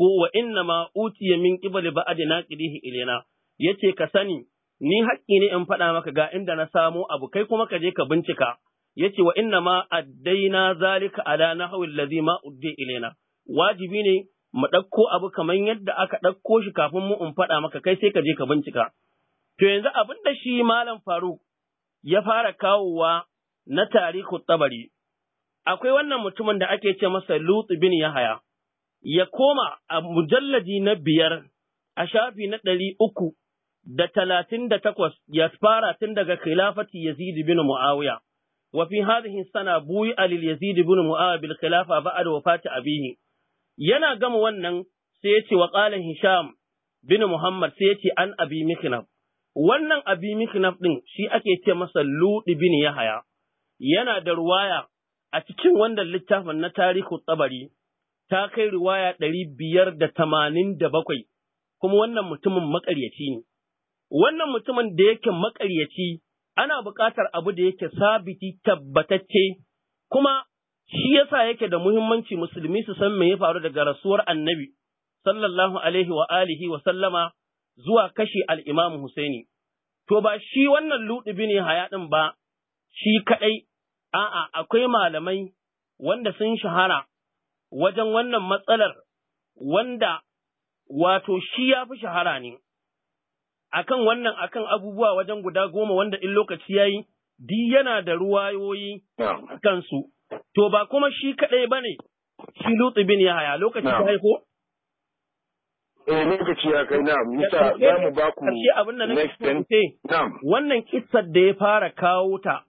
ko wa inna ma utiya min qibli ba'd naqidihi ilaina ya ce ka sani ni haƙƙi ne in faɗa maka ga inda na samo abu kai kuma ka je ka bincika ya ce wa inna ma addaina zalika ala hawil lazi ma uddi ilaina wajibi ne mu ɗauko abu kamar yadda aka ɗauko shi kafin mu in faɗa maka kai sai ka je ka bincika to yanzu abin da shi malam Faruk ya fara kawowa na tarihu tabari akwai wannan mutumin da ake ce masa lutsu bin Yahaya ya koma a mujalladi na biyar a shafi na ɗari uku da talatin da takwas ya fara tun daga khilafati Yazid bin Muawiya. Wa fi hadhihi sana buyi alil Yazid bin Muawiya bil khilafa ba'da wafati abihi. Yana gama wannan sai ya ce wa qala Hisham bin Muhammad sai ya ce an abi Mikhnaf. Wannan abi Mikhnaf din shi ake ce masa Ludi bin Yahaya. Yana da ruwaya a cikin wannan littafin na tarihu tsabari ta kai ruwaya ɗari biyar da tamanin da bakwai kuma wannan mutumin maƙaryaci ne. wannan mutumin da yake makaryaci ana buƙatar abu da yake sabiti tabbatacce kuma shi yasa yake da muhimmanci musulmi su san me ya faru daga rasuwar annabi sallallahu alaihi wa alihi wa sallama zuwa kashe al'imamu Husaini. To ba shi wannan luɗubi ne hayaɗin ba, shi kaɗai, a'a akwai malamai wanda sun shahara wajen wannan matsalar wanda wato shi ya fi shahara ne. akan wannan akan abubuwa wajen guda goma wanda in lokaci ya yi, di yana da ruwayoyi a kansu, to ba kuma shi kaɗai ba ne, shi lutsi bin haya. lokaci ta haiko? Eh lokaci ya kai na misa za mu ba ku abin da nake wannan kissar da ya fara kawo ta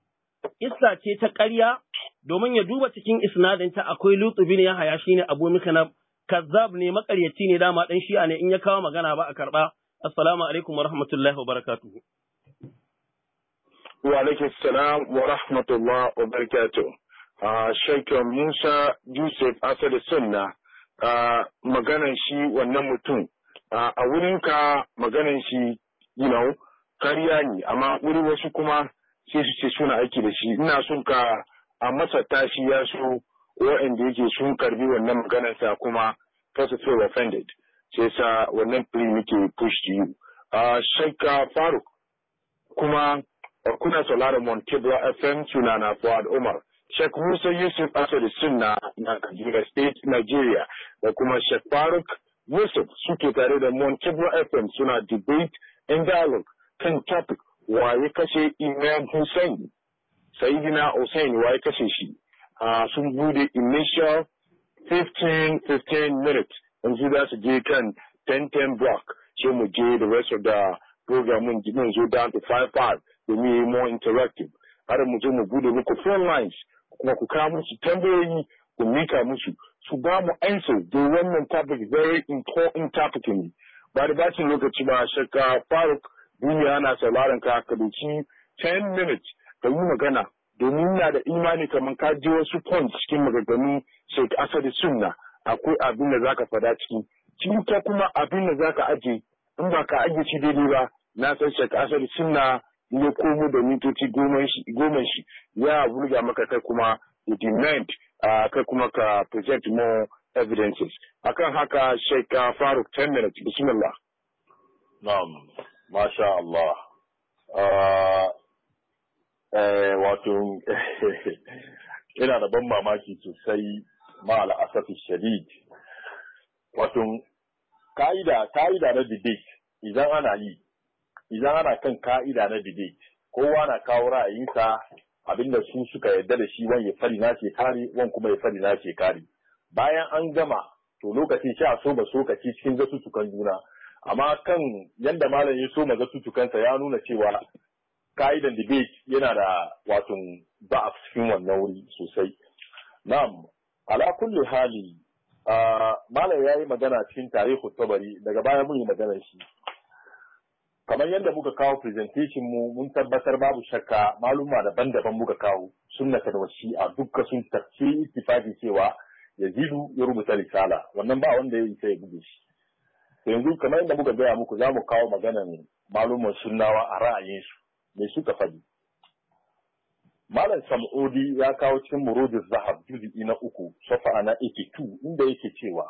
kissa ce ta ƙarya domin ya duba cikin isnadinta akwai lutsi bin haya shine Abu na kazzab ne makaryaci ne dama dan shi'a ne in ya kawo magana ba a karba Assalamu alaikum wa rahmatullahi wa barakatu. Wa alaikum salam wa rahmatullahi wa barakatu. Ah, Shaikar Musa Yusuf Asad Sunna ah, maganan shi wannan mutum ah, a wurinka maganan shi you know kariya ne amma wuri wasu kuma sai su ce suna aiki da shi ina sun ka a masa tashi ya so waɗanda yake sun karbi wannan maganarsa kuma ta su feel offended. sai sa wannan play muke push to you ah, shaika faruk kuma kuna saurara montebla fm suna na fuad umar Sheikh Musa Yusuf Asad Sunna na Kajira State, Nigeria da kuma Sheikh Faruk Yusuf suke tare da Montego FM suna debate and dialogue kan topic waye kashe Imam Hussein Sayyidina Hussein waye kashe shi ah, sun bude initial 15-15 minutes in su za su je kan 10-10 block sai mu je the rest of the program din yanzu down to 5-5 domin yi more interactive har mu je mu bude muku phone lines kuma ku kawo musu tambayoyi ku mika musu su ba mu answer da wannan topic very important topic ne ba da bacin lokaci ba shakka faruk duniya ana sauraron ka ka doki 10 minutes ka yi magana domin na da imani kamar ka je wasu points cikin maganganun Sheikh Asadi Sunna akwai abin da zaka fada ciki cuta kuma abin da zaka aje in ba ka aje shi daidai ba na san shek asali sunna ya komo da mintoci goma shi ya burga maka kai kuma you demand kai kuma ka present more evidences akan haka shek faruk 10 minutes bismillah na'am masha Allah eh, wato ina da ban mamaki sosai ma al'asafi shadid wato ka'ida ka'ida na debate idan ana yi idan ana kan ka'ida na debate kowa na kawo ra'ayinsa abinda su suka yarda da shi wan ya fari na ce kare wan kuma ya fari na ce kare bayan an gama to lokacin sha so ba sokaci cikin zasutukan juna amma kan yanda malam ya so zasutukansa ya nuna cewa ka'idan debate yana da wato ba a cikin wannan wuri sosai na'am ala kulli hali malam ya yi magana cikin tarihi tabari daga baya mun yi magana shi kamar yadda muka kawo presentation mu mun tabbatar babu shakka maluma daban-daban muka kawo sunna ta a dukkan sun tafsi ittifaqi cewa yazidu ya rubuta risala wannan ba wanda ya isa ya buge shi yanzu kamar yadda muka gaya muku za mu kawo maganar maluman sunnawa a ra'ayinsu mai suka faɗi Malam Sam'udi ya kawo cikin Murudin Zahab juzi'i na uku, safa'a na 82 inda yake cewa,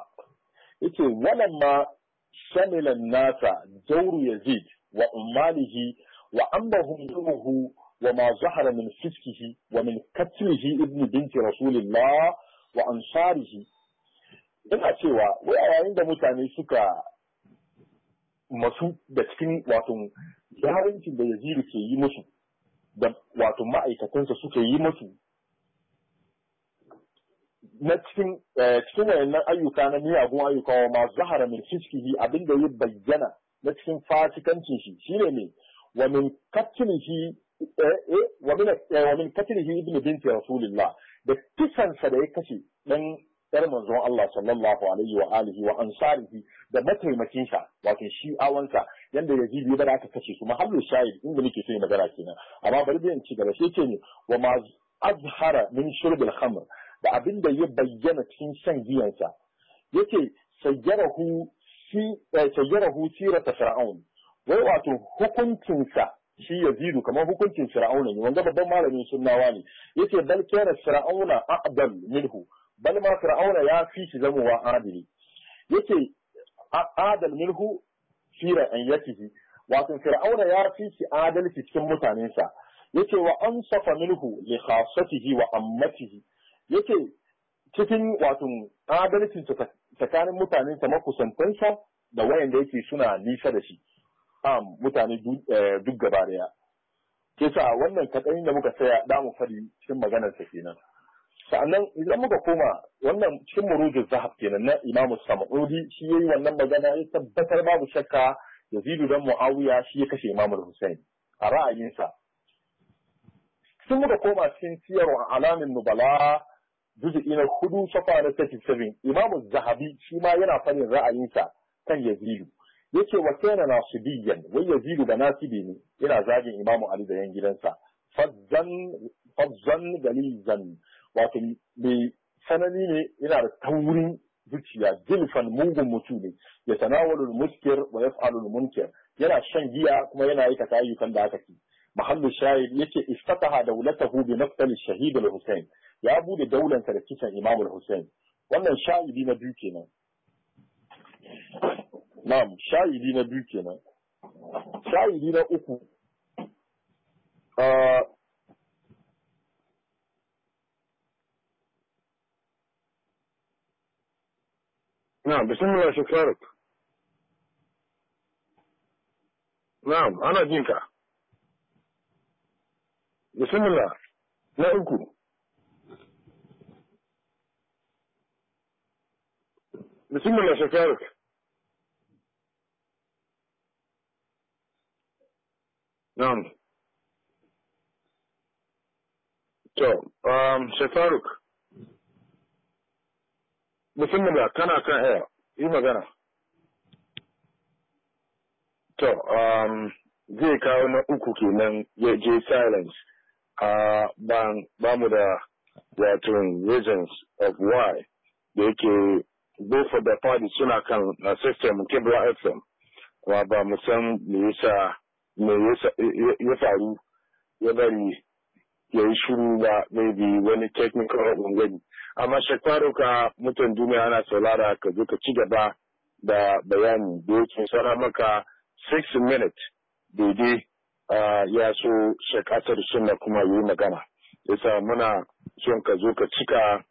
yake ma shamilan nasa jauru Yazid wa Umalihi wa ambahum zuruhu wa ma zahara min fiskihi wa min katlihi ibn binti rasulillah wa ansarihi ina cewa wai a yayin da mutane suka masu da cikin wato yawancin da Yazid ke yi musu da wato ma'aikatansa suka yi masu na cikin eh, cikin wayannan ayyuka na miyagun ayyuka wa ma zahara min fiskihi abinda ya bayyana na cikin fasikancin shi shine ne wa min katlihi eh, eh, wa min katlihi ibn binti rasulillah da kisansa da ya kashe ɗan. yar manzon Allah sallallahu alaihi wa alihi wa ansarihi da mataimakin sa wato shi awansa yanda yazidi ba aka kace su mahallu shahid inda nake so magana kenan amma bari bayan ci gaba sai ce ne wa ma azhara min shurbil khamr da abin da ya bayyana cikin shan giyansa yace sayyarahu si eh, sayyarahu sirata fir'aun wai wato hukuncinsa shi yazidu kamar hukuncin fir'auna ne wanda babban malamin sunnawa ne yace bal kana fir'auna adal minhu bal ma fir'auna ya fi shi wa adili yake adal minhu fi ra'ayatihi wato fir'auna ya fi shi adalci cikin mutanensa yake wa ansafa minhu li khassatihi wa ammatihi yake cikin wato adalcin tsakanin mutanensa makusantansa da wayanda yake suna nisa da shi am mutane eh, duk gaba daya kisa wannan kadan da muka saya da mu fari cikin maganar sa kenan sannan idan muka koma wannan cikin murujin zahab kenan na imamu sam'udi shi yayi wannan magana ya tabbatar babu shakka yazidu dan muawiya shi ya kashe imamu husain a ra'ayinsa sun muka koma cikin siyar alamin nubala juz'i na hudu safa na 37 imamu zahabi shi ma yana fanin ra'ayinsa kan yazidu yace wa kana nasibiyan wai yazidu da nasibi ne yana zagin imamu ali da yan gidansa fazzan fazzan galizan wato mai sanani ne yana da taurin zuciya gilfan mugun mutum ne ya tanawalul muskir wa ya yaf'alul munkir yana shan giya kuma yana yi ta ayyukan da aka ci mahallu shahid yace istataha dawlatahu bi nafsal shahid al husayn ya bude daulansa da kisan imam al husayn wannan shahidi na biyu kenan na'am shahidi na biyu kenan shahidi na uku ah, نعم بسم الله شكرك نعم أنا جينكا بسم الله لا أكو بسم الله شكرك نعم تو شكرك musamman da kana kan aya yi magana to um, zai kawo na uku kenan ya je silence uh, ba mu da wato reasons of why da yake both of the parties suna kan uh, system kibra fm kuma ba mu san me yasa me yasa ya faru ya bari ya yi shuru ba maybe wani technical ungani amma shakwaru ka mutan duniya ana saurara ka zo ka ci gaba da bayani da yake tsara maka 6 minutes daidai ya so shakatar suna kuma yi magana yasa muna son ka zo ka cika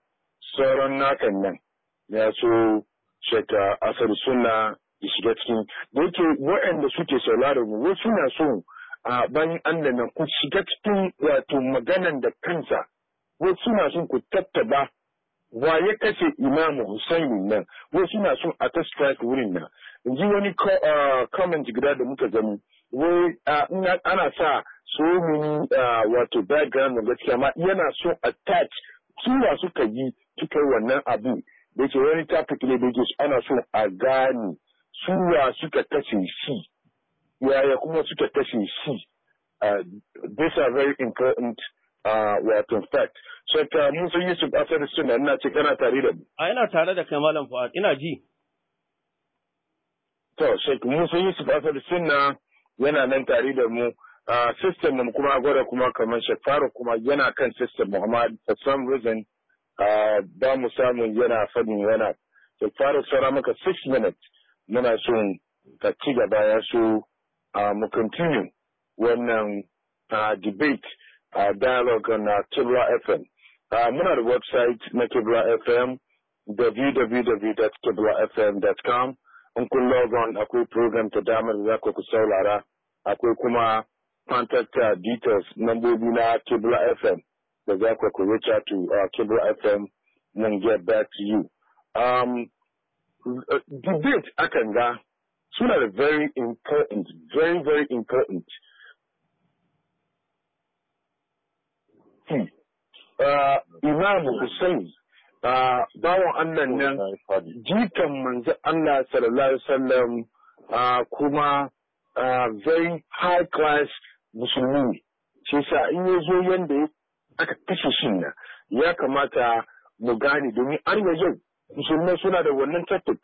sauran nakan nan ya so shaka asar suna ya shiga cikin da yake waɗanda suke sauraron mu wasu na so a bayan Allah na ku shiga cikin wato maganan da kansa wasu na son ku tattaba wa ya kashe imamu Hussein nan wai suna son a ta strike wurin nan in ji wani uh, comment guda da muka gani wai uh, ana sa so mini uh, wato background gaskiya ma yana son attach sura suka yi suka yi wannan abu da ke wani topic ne da ana son a gane sura suka kashe shi yaya kuma suka kashe shi these are very important wato fact shek musa yusuf asar suna ina ce kana tare da mu a ina tare da kai malam fuad ina ji to mun musa yusuf asar suna yana nan tare da mu system mu kuma gwada kuma kamar shek faruk kuma yana kan system muhammad for some reason ba mu samun yana fadin yana shek faruk sara maka six minutes muna son ka ci gaba ya so mu continue wannan debate Uh, dialogue on uh, Kibla FM. Uh, I'm on the website, Kibla FM, www.kiblafm.com. In kun logon akwai program ta damar da ku saulara, akwai kuma contact uh, details number na Kibla FM da za ku reach out to uh, Kibla FM and get back to you. Um, debate akan ga suna da very important, very, very important. ciki hmm. uh, imam Hussein uh, bawan Allah hmm, nan jikan manzo Allah sallallahu alaihi wasallam uh, kuma very high class musulmi shi sa in ya zo yanda aka kashe shi nan ya kamata mu gane domin har yau musulmai suna da wannan tactic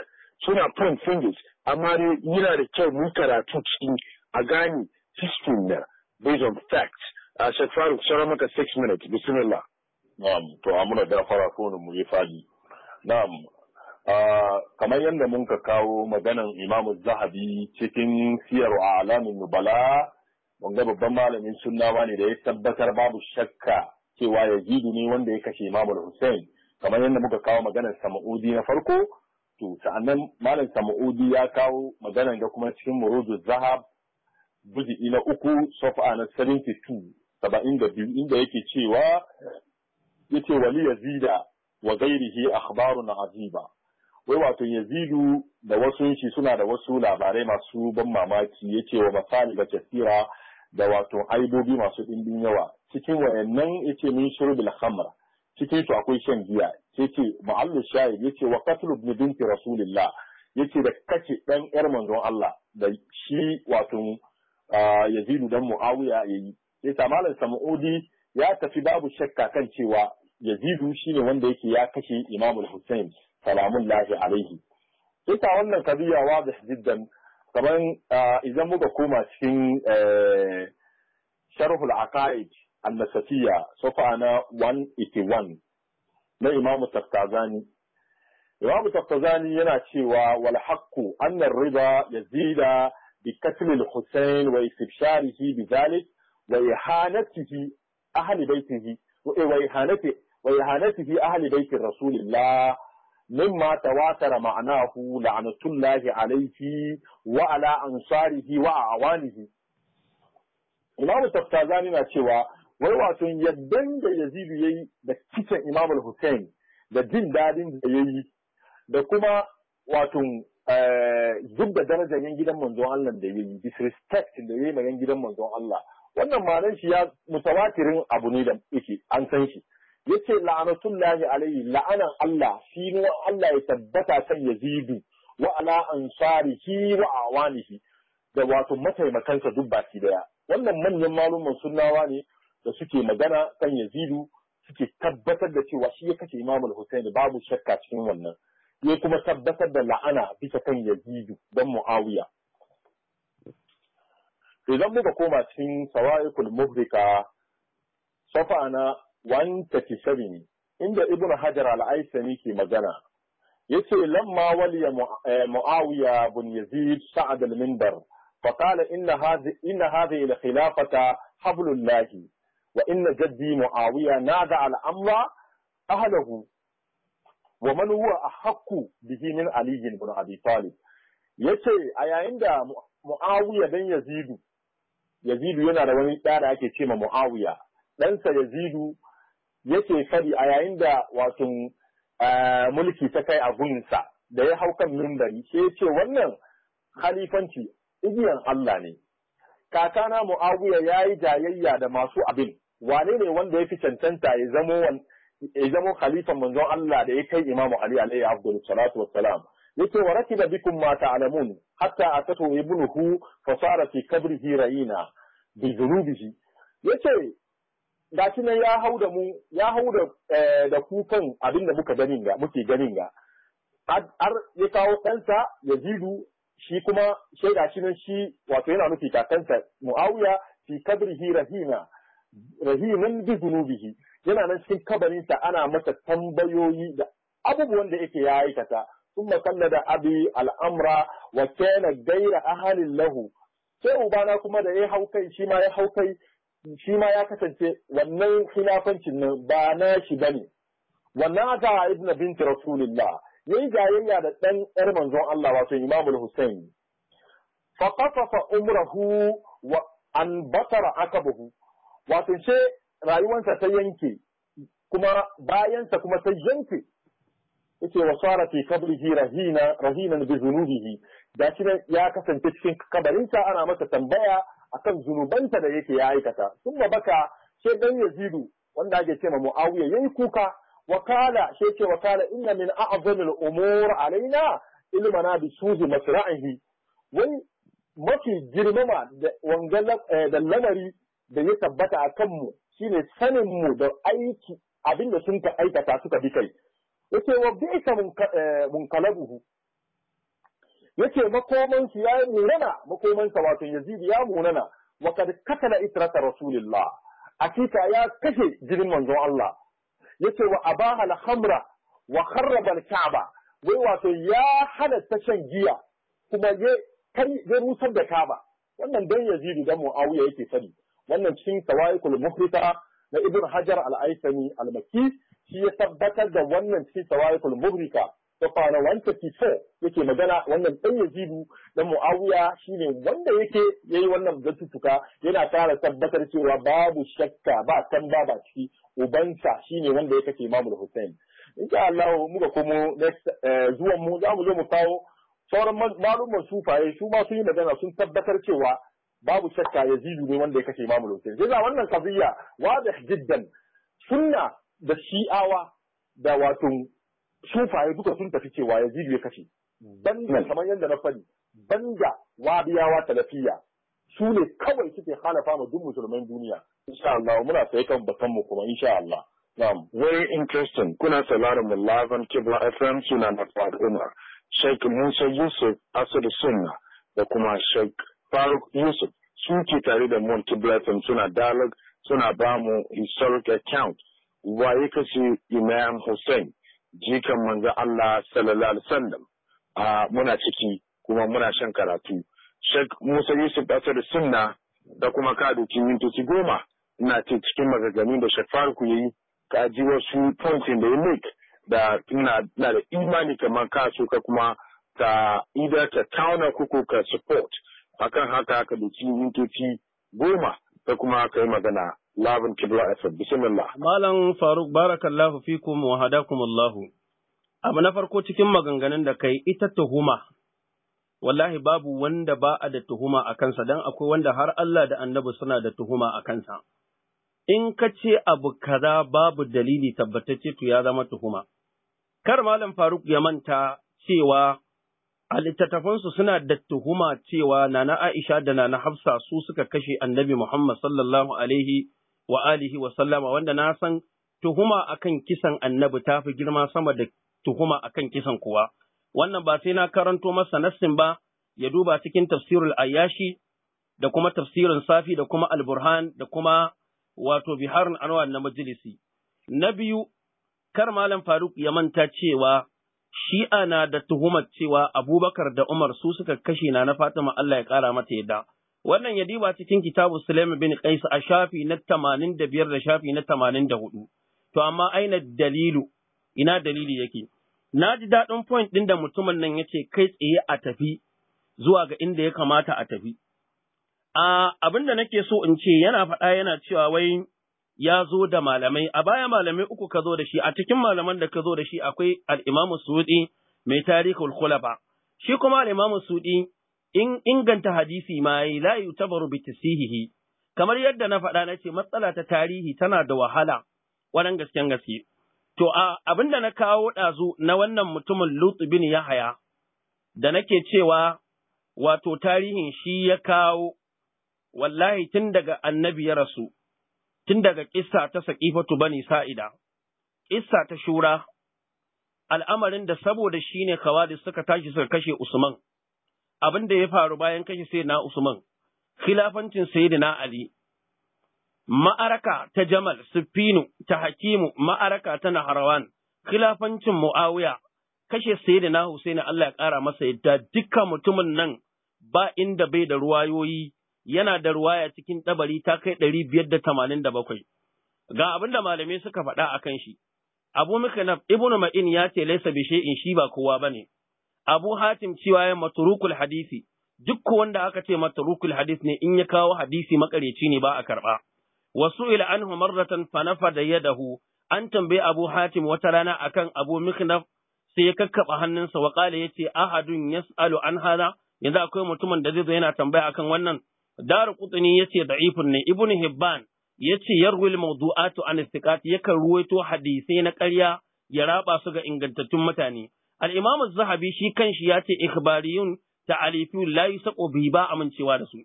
suna point fingers amma yana da kyau mu karatu cikin a gane history na based on facts a uh, shek shara maka 6 minutes bismillah na'am to amuna da fara ko mu yi fadi na'am uh, kamar yadda mun ka kawo maganan imamu zahabi cikin siyar alamin nubala mun ga babban malamin sunnawa ne da ya tabbatar babu shakka cewa yazidu ne wanda ya kashe imamu hussein kamar yadda muka kawo maganar sama'udi na farko to sa'annan malam sama'udi ya kawo maganar da kuma cikin murudu zahab buj'i na uku sofa na 72 saba'in da biyu inda yake cewa yace wali yazida wa ghairihi akhbarun aziba wai wato yazidu da wasu shi suna da wasu labarai masu ban mamaki yace wa masali da kasira da wato aibobi masu ɗimbin yawa cikin wayannan yace min shurbil khamr cikin su akwai shan giya yace mu'allu shahid yace wa qatlu ibn binti rasulillah yace da kace dan yar manzon Allah da shi wato yazidu dan muawiya yayi Yasa Malam Sam'udi ya tafi babu shakka kan cewa Yazidu shine wanda yake ya kashe Imam Hussein salamullahi alaihi. ita wannan kabiya wadih jiddan kamar idan muka koma cikin e, sharhul aqaid annasatiya safa na 181 na Imam Taftazani Imam Taftazani yana cewa wal haqqu anna ar-rida yazida bi qatl al-Husayn wa istibsharihi bi dhalik wa ihanatihi ahli baitihi eh, wa ihanati wa ihanatihi ahli baiti rasulillah مما تواتر معناه لعنة الله عليه وعلى أنصاره وأعوانه Imam Taftazani na cewa wai wato yaddan da Yazidu yayi da cikin Imam Hussein da jin dadin da da kuma wato eh, duk da darajar yan gidan manzon Allah da yayi ma yan gidan manzon Allah wannan malan shi ya mutawatirin abu ne da yake an san shi yace la'anatullahi alaihi la'anan Allah shi ne Allah ya tabbata kan yazidu wa ala ansarihi wa awanihi da wato mataimakansa duk baki daya wannan manyan malumman sunnawa ne da suke magana kan yazidu suke tabbatar da cewa shi ya kace Imam al-Husayn babu shakka cikin wannan ya kuma tabbatar da la'ana bisa kan yazidu dan Muawiya idan muka koma cikin sawa'ikul muhrika safa na 137 inda ibnu hajar al-aisani ke magana yace lamma waliya muawiya bin yazid sa'ad al-minbar fa qala inna hadhi inna hadhi al-khilafata hablullahi wa inna jaddi muawiya nada al-amra ahlahu wa man huwa ahqqu bihi min ali ibn abi talib yace a yayin da muawiya dan yazidu yazidu yana da wani ɗa da ake ce ma muawiya ɗansa yazidu yake fadi a yayin da wato mulki ta kai a gunsa da ya hau kan mimbari sai ya ce wannan khalifanci igiyan Allah ne kakana muawiya yayi jayayya da masu abin wane ne wanda ya fi cancanta ya zamo ya zamo khalifan manzon Allah da ya kai Imam Ali alaihi afdalu salatu wassalam yake wa rakiba bikum ma ta'lamun hatta atatu ibnuhu fa sara fi kabrihi ra'ina bi dhunubihi yace gashi nan ya hau da mu ya hau da eh, da kukan abin da muka ganin ga muke ganin ga har ya kawo kansa yazidu shi kuma sai shi nan shi wato yana nufi kakansa muawiya fi kabrihi rahina rahinan bi dhunubihi yana nan cikin kabarinsa ana masa tambayoyi da abubuwan da yake ya aikata ثم سلد أبي الأمر وكان غير أهل له sai ubana kuma da ya hau kai shi ma ya hau kai shi ma ya kasance wannan khilafancin nan ba na shi bane wannan aka ibn bint rasulillah yayi jayayya da dan yar manzon Allah wato imam al-husayn fa qasafa umrahu wa an basara akabahu wato she rayuwarsa ta yanke kuma bayansa kuma ta yanke yace wa sara fi qabrihi rahina rahinan bi zunubihi da shi ya kasance cikin kabarinsa ana masa tambaya akan zunubanta da yake ya aikata thumma baka sai dan yazidu wanda ake cewa muawiya yayi kuka wakala sai wa wakala inna min a'zamil umur alaina ilmana bi suzi masra'ihi wai mafi girmama da eh, da lamari da ya tabbata a kanmu shine sanin mu da aiki abinda sun ka aikata suka bi kai yace wa bi'sa eh, munkalabuhu yace makomansu ya munana makomansa wato Yazid ya munana wa kad katala israta rasulillah akita ya kashe jirin manzon Allah yace wa abaha al khamra wa kharraba al ka'ba wai wato ya halatta shan giya kuma ya kai ya da ka'ba wannan dan Yazid da Muawiya yake sani wannan cikin tawaikul muhrita na Ibn Hajar al-Aisani al-Makki shi ya tabbatar da wannan cikin tsawaye mubrika da kwana 154 yake magana wannan ɗan yazidu na mu'awiya shine wanda yake yi wannan zantuttuka yana fara tabbatar cewa babu shakka ba kan ba ba ciki ubansa shine wanda ya kace Imam Hussein ka allahu muka komo next eh, zuwan mu zo mu kawo sauran malumman sufaye su ma sun yi magana sun tabbatar cewa babu shakka yazidu ne wanda ya kace Imam Hussein za wannan qadiya wadih jiddan sunna da shi'awa da wato sufaye duka sun tafi cewa yazidu ya kashe banda hmm. kamar yadda na faɗi banda wabiyawa talafiya su ne kawai suke halafa ma duk musulman duniya insha Allah muna sai kan bakan mu kuma insha Allah na'am very interesting kuna sauraron mu Kibla FM suna na Fad Umar Sheikh Musa Yusuf Asad Sunna da kuma Sheikh Faruk Yusuf suke tare da mu Kibla FM suna dialogue suna ba mu historic account wa ya kashe Imam Hussein jikan manzo Allah sallallahu alaihi wasallam a muna ciki kuma muna shan karatu Sheikh Musa Yusuf Asar Sunna da kuma kadokin mintoci goma ina ce cikin magagami da Sheikh Faruk yayi ka ji wasu pointin da ya da ina da imani kamar ka so ka kuma ka idan ta tauna kuku ka support akan haka ka doki mintoci goma da kuma ka yi magana labin kibla asad bismillah malam faruk barakallahu fikum wa allahu. abu na farko cikin maganganun da kai ita tuhuma wallahi babu wanda ba a da tuhuma a kansa don akwai wanda har Allah da annabi suna da tuhuma a kansa in ka ce abu kaza babu dalili tabbatacce to ya zama tuhuma kar malam faruk ya manta cewa a littattafansu suna da tuhuma cewa Nana Aisha da Nana Hafsa su suka kashe Annabi Muhammad sallallahu alaihi wa alihi wa sallama wanda na san tuhuma akan kisan annabi ta fi girma sama da tuhuma akan kisan kuwa. Wannan ba sai na karanto masa nassin ba ya duba cikin tafsirul ayyashi da kuma tafsirin safi da kuma alburhan da kuma wato biharun anwar na majalisi. Na biyu, kar Malam Faruk ya manta cewa shi'a na da tuhumar cewa Abubakar da Umar su suka kashe na na Fatima Allah ya ƙara mata yadda. Wannan ya diba cikin kitabu Sulaiman bin Qais a shafi na tamanin da shafi na tamanin To amma aina dalilu, ina dalili yake. Na ji daɗin point ɗin da mutumin nan ya ce kai tsaye a tafi zuwa ga inda ya kamata a tafi. A abin da nake so in ce yana faɗa yana cewa wai ya zo da malamai, a baya malamai uku ka zo da shi, a cikin malaman da ka zo da shi akwai al'imamu Suɗi mai tarihul Khulafa. Shi kuma al'imamu Suɗi in inganta hadisi ma yi la yutabaru bi kamar yadda na faɗa na ce matsala ta tarihi tana da wahala wannan gasken gaske to a abin da na kawo ɗazu na wannan mutumin Lut bin Yahaya da nake cewa wato tarihin shi ya kawo wallahi tun daga annabi ya rasu tun daga ƙissa ta saƙifatu bani sa'ida ƙissa ta shura al'amarin da saboda shi ne kawadi suka tashi suka kashe Usman abin da ya faru bayan kashe sai na Usman, khilafancin Sayyidina Ali, ma'araka ta Jamal, Sufinu, ta Hakimu, ma'araka ta Naharawan, khilafancin Mu'awiya, kashe Sayyidina Hussein, Allah ya ƙara masa yadda dukkan mutumin nan ba inda bai da ruwayoyi yana da ruwaya cikin ɗabari ta kai ɗari biyar da tamanin da bakwai. Ga abin da malamai suka faɗa a kan shi, Abu Miknaf Ibn Ma'in ya ce laisa bishe in shi ba kowa ba ne. Abu Hatim cewa ya maturukul hadisi, duk wanda aka ce maturukul hadis ne in ya kawo hadisi makareci ne ba a karɓa. Wasu ila an marratan fanafa da yadahu an tambayi Abu Hatim wata rana akan Abu Mikhnaf sai ya kakkaba hannunsa wa ya ce ahadun yas'alu an hada yanzu akwai mutumin da zai zo yana tambaya akan wannan daru kutuni ya ce da'ifun ne ibnu hibban ya ce yarwil mawdu'atu an istiqat yakan ruwaito hadisai na ƙarya ya raba su ga ingantattun mutane al zahabi shi kan shi ya ce ikhbariyun ta la yusaqu bi ba amincewa da su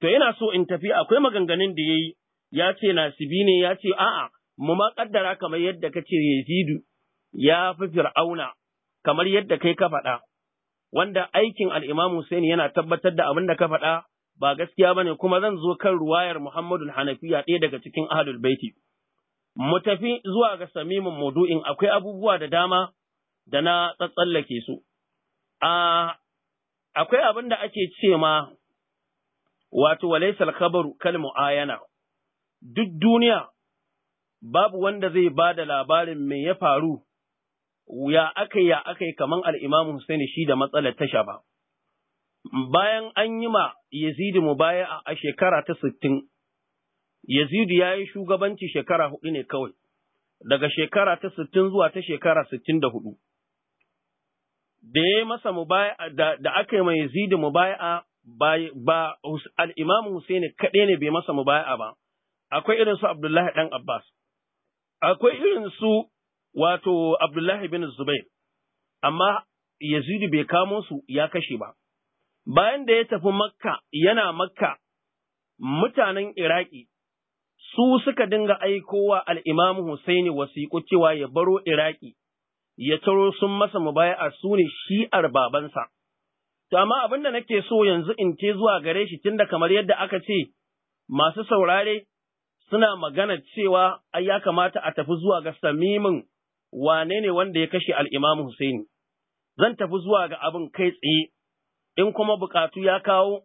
to yana so in tafi akwai maganganun da yayi ya ce nasibi ne ya ce a'a mu ma kaddara kamar yadda kace Yazidu ya fi Fir'auna kamar yadda kai ka faɗa wanda aikin al-Imam Hussein yana tabbatar da abin da ka faɗa ba gaskiya ba ne kuma zan zo kan ruwayar Muhammadu Hanafiya ɗaya daga cikin Ahlul Baiti mu tafi zuwa ga samimin maudu'in akwai abubuwa da dama da na tsatsallake su. A akwai abin da ake ce ma wato walaisal khabaru kal mu'ayana duk duniya babu wanda zai ba da labarin me ya faru ya aka ya aka yi kamar al'imam Hussein shi da matsalar tasha ba. Bayan an yi ma mu baya a shekara ta sittin, Yazidu ya yi shugabanci shekara hudu ne kawai, daga shekara ta sittin zuwa ta shekara sittin da hudu. da ya masa da, da aka yi mai zidi mu ba, al'imamu Hussaini kaɗai ne bai masa mubaya'a ba, akwai irin su Abdullahi ɗan Abbas, akwai irin su wato Abdullahi bin Zubair, amma yazidu bai kamo su ya kashe ba. Bayan da ya tafi Makka yana Makka mutanen Iraki su suka dinga aikowa al'imamu Husaini wasiƙu cewa ya baro Iraki ya taro sun masa mubaya'a su ne shi'ar babansa. To amma abin da nake so yanzu in ke zuwa gare shi tunda kamar yadda aka ce masu saurare suna magana cewa ai ya kamata a tafi zuwa ga samimin wane ne wanda ya kashe al'imamu Husaini. Zan tafi zuwa ga abin kai tsaye, in kuma bukatu ya kawo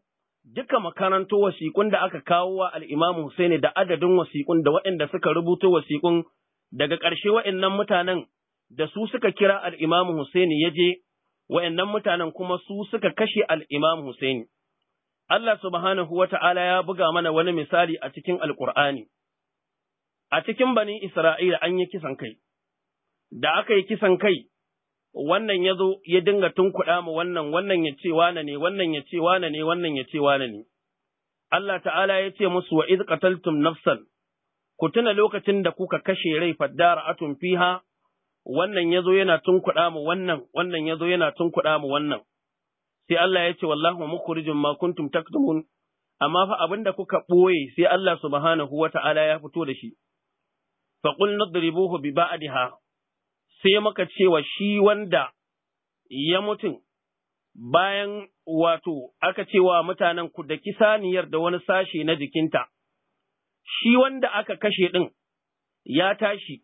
duka makaranto wasiƙun da aka kawo wa al'imamu Husaini da adadin wasiƙun da waɗanda suka rubuto wasiƙun daga ƙarshe waɗannan mutanen da su suka kira al'imamu Husaini ya je, wa'yannan mutanen kuma su suka kashe al'imamu Husaini. Allah subhanahu wa ta'ala ya buga mana wani misali a cikin Alƙur'ani. A cikin bani Isra'ila an yi kisan kai, da aka yi kisan kai, wannan ya zo ya dinga tunkuɗa mu wannan, wannan ya ce wane ne, wannan ya ce wane ne, wannan ya ce wane ne. Allah ta'ala ya ce musu wa'iz iz nafsan, ku tuna lokacin da kuka kashe rai ra'atun fiha wannan ya zo yana tunkuɗa mu wannan wannan ya zo yana tunkuɗa mu wannan sai Allah ya ce wallahu mukhrijum ma kuntum taktumun amma fa abin da kuka ɓoye sai Allah subhanahu wa ta'ala ya fito da shi fa qul nadribuhu bi ba'diha sai muka cewa shi wanda ya mutum, bayan wato aka cewa mutanen ku da kisaniyar da wani sashe na jikinta shi wanda aka kashe ɗin, ya tashi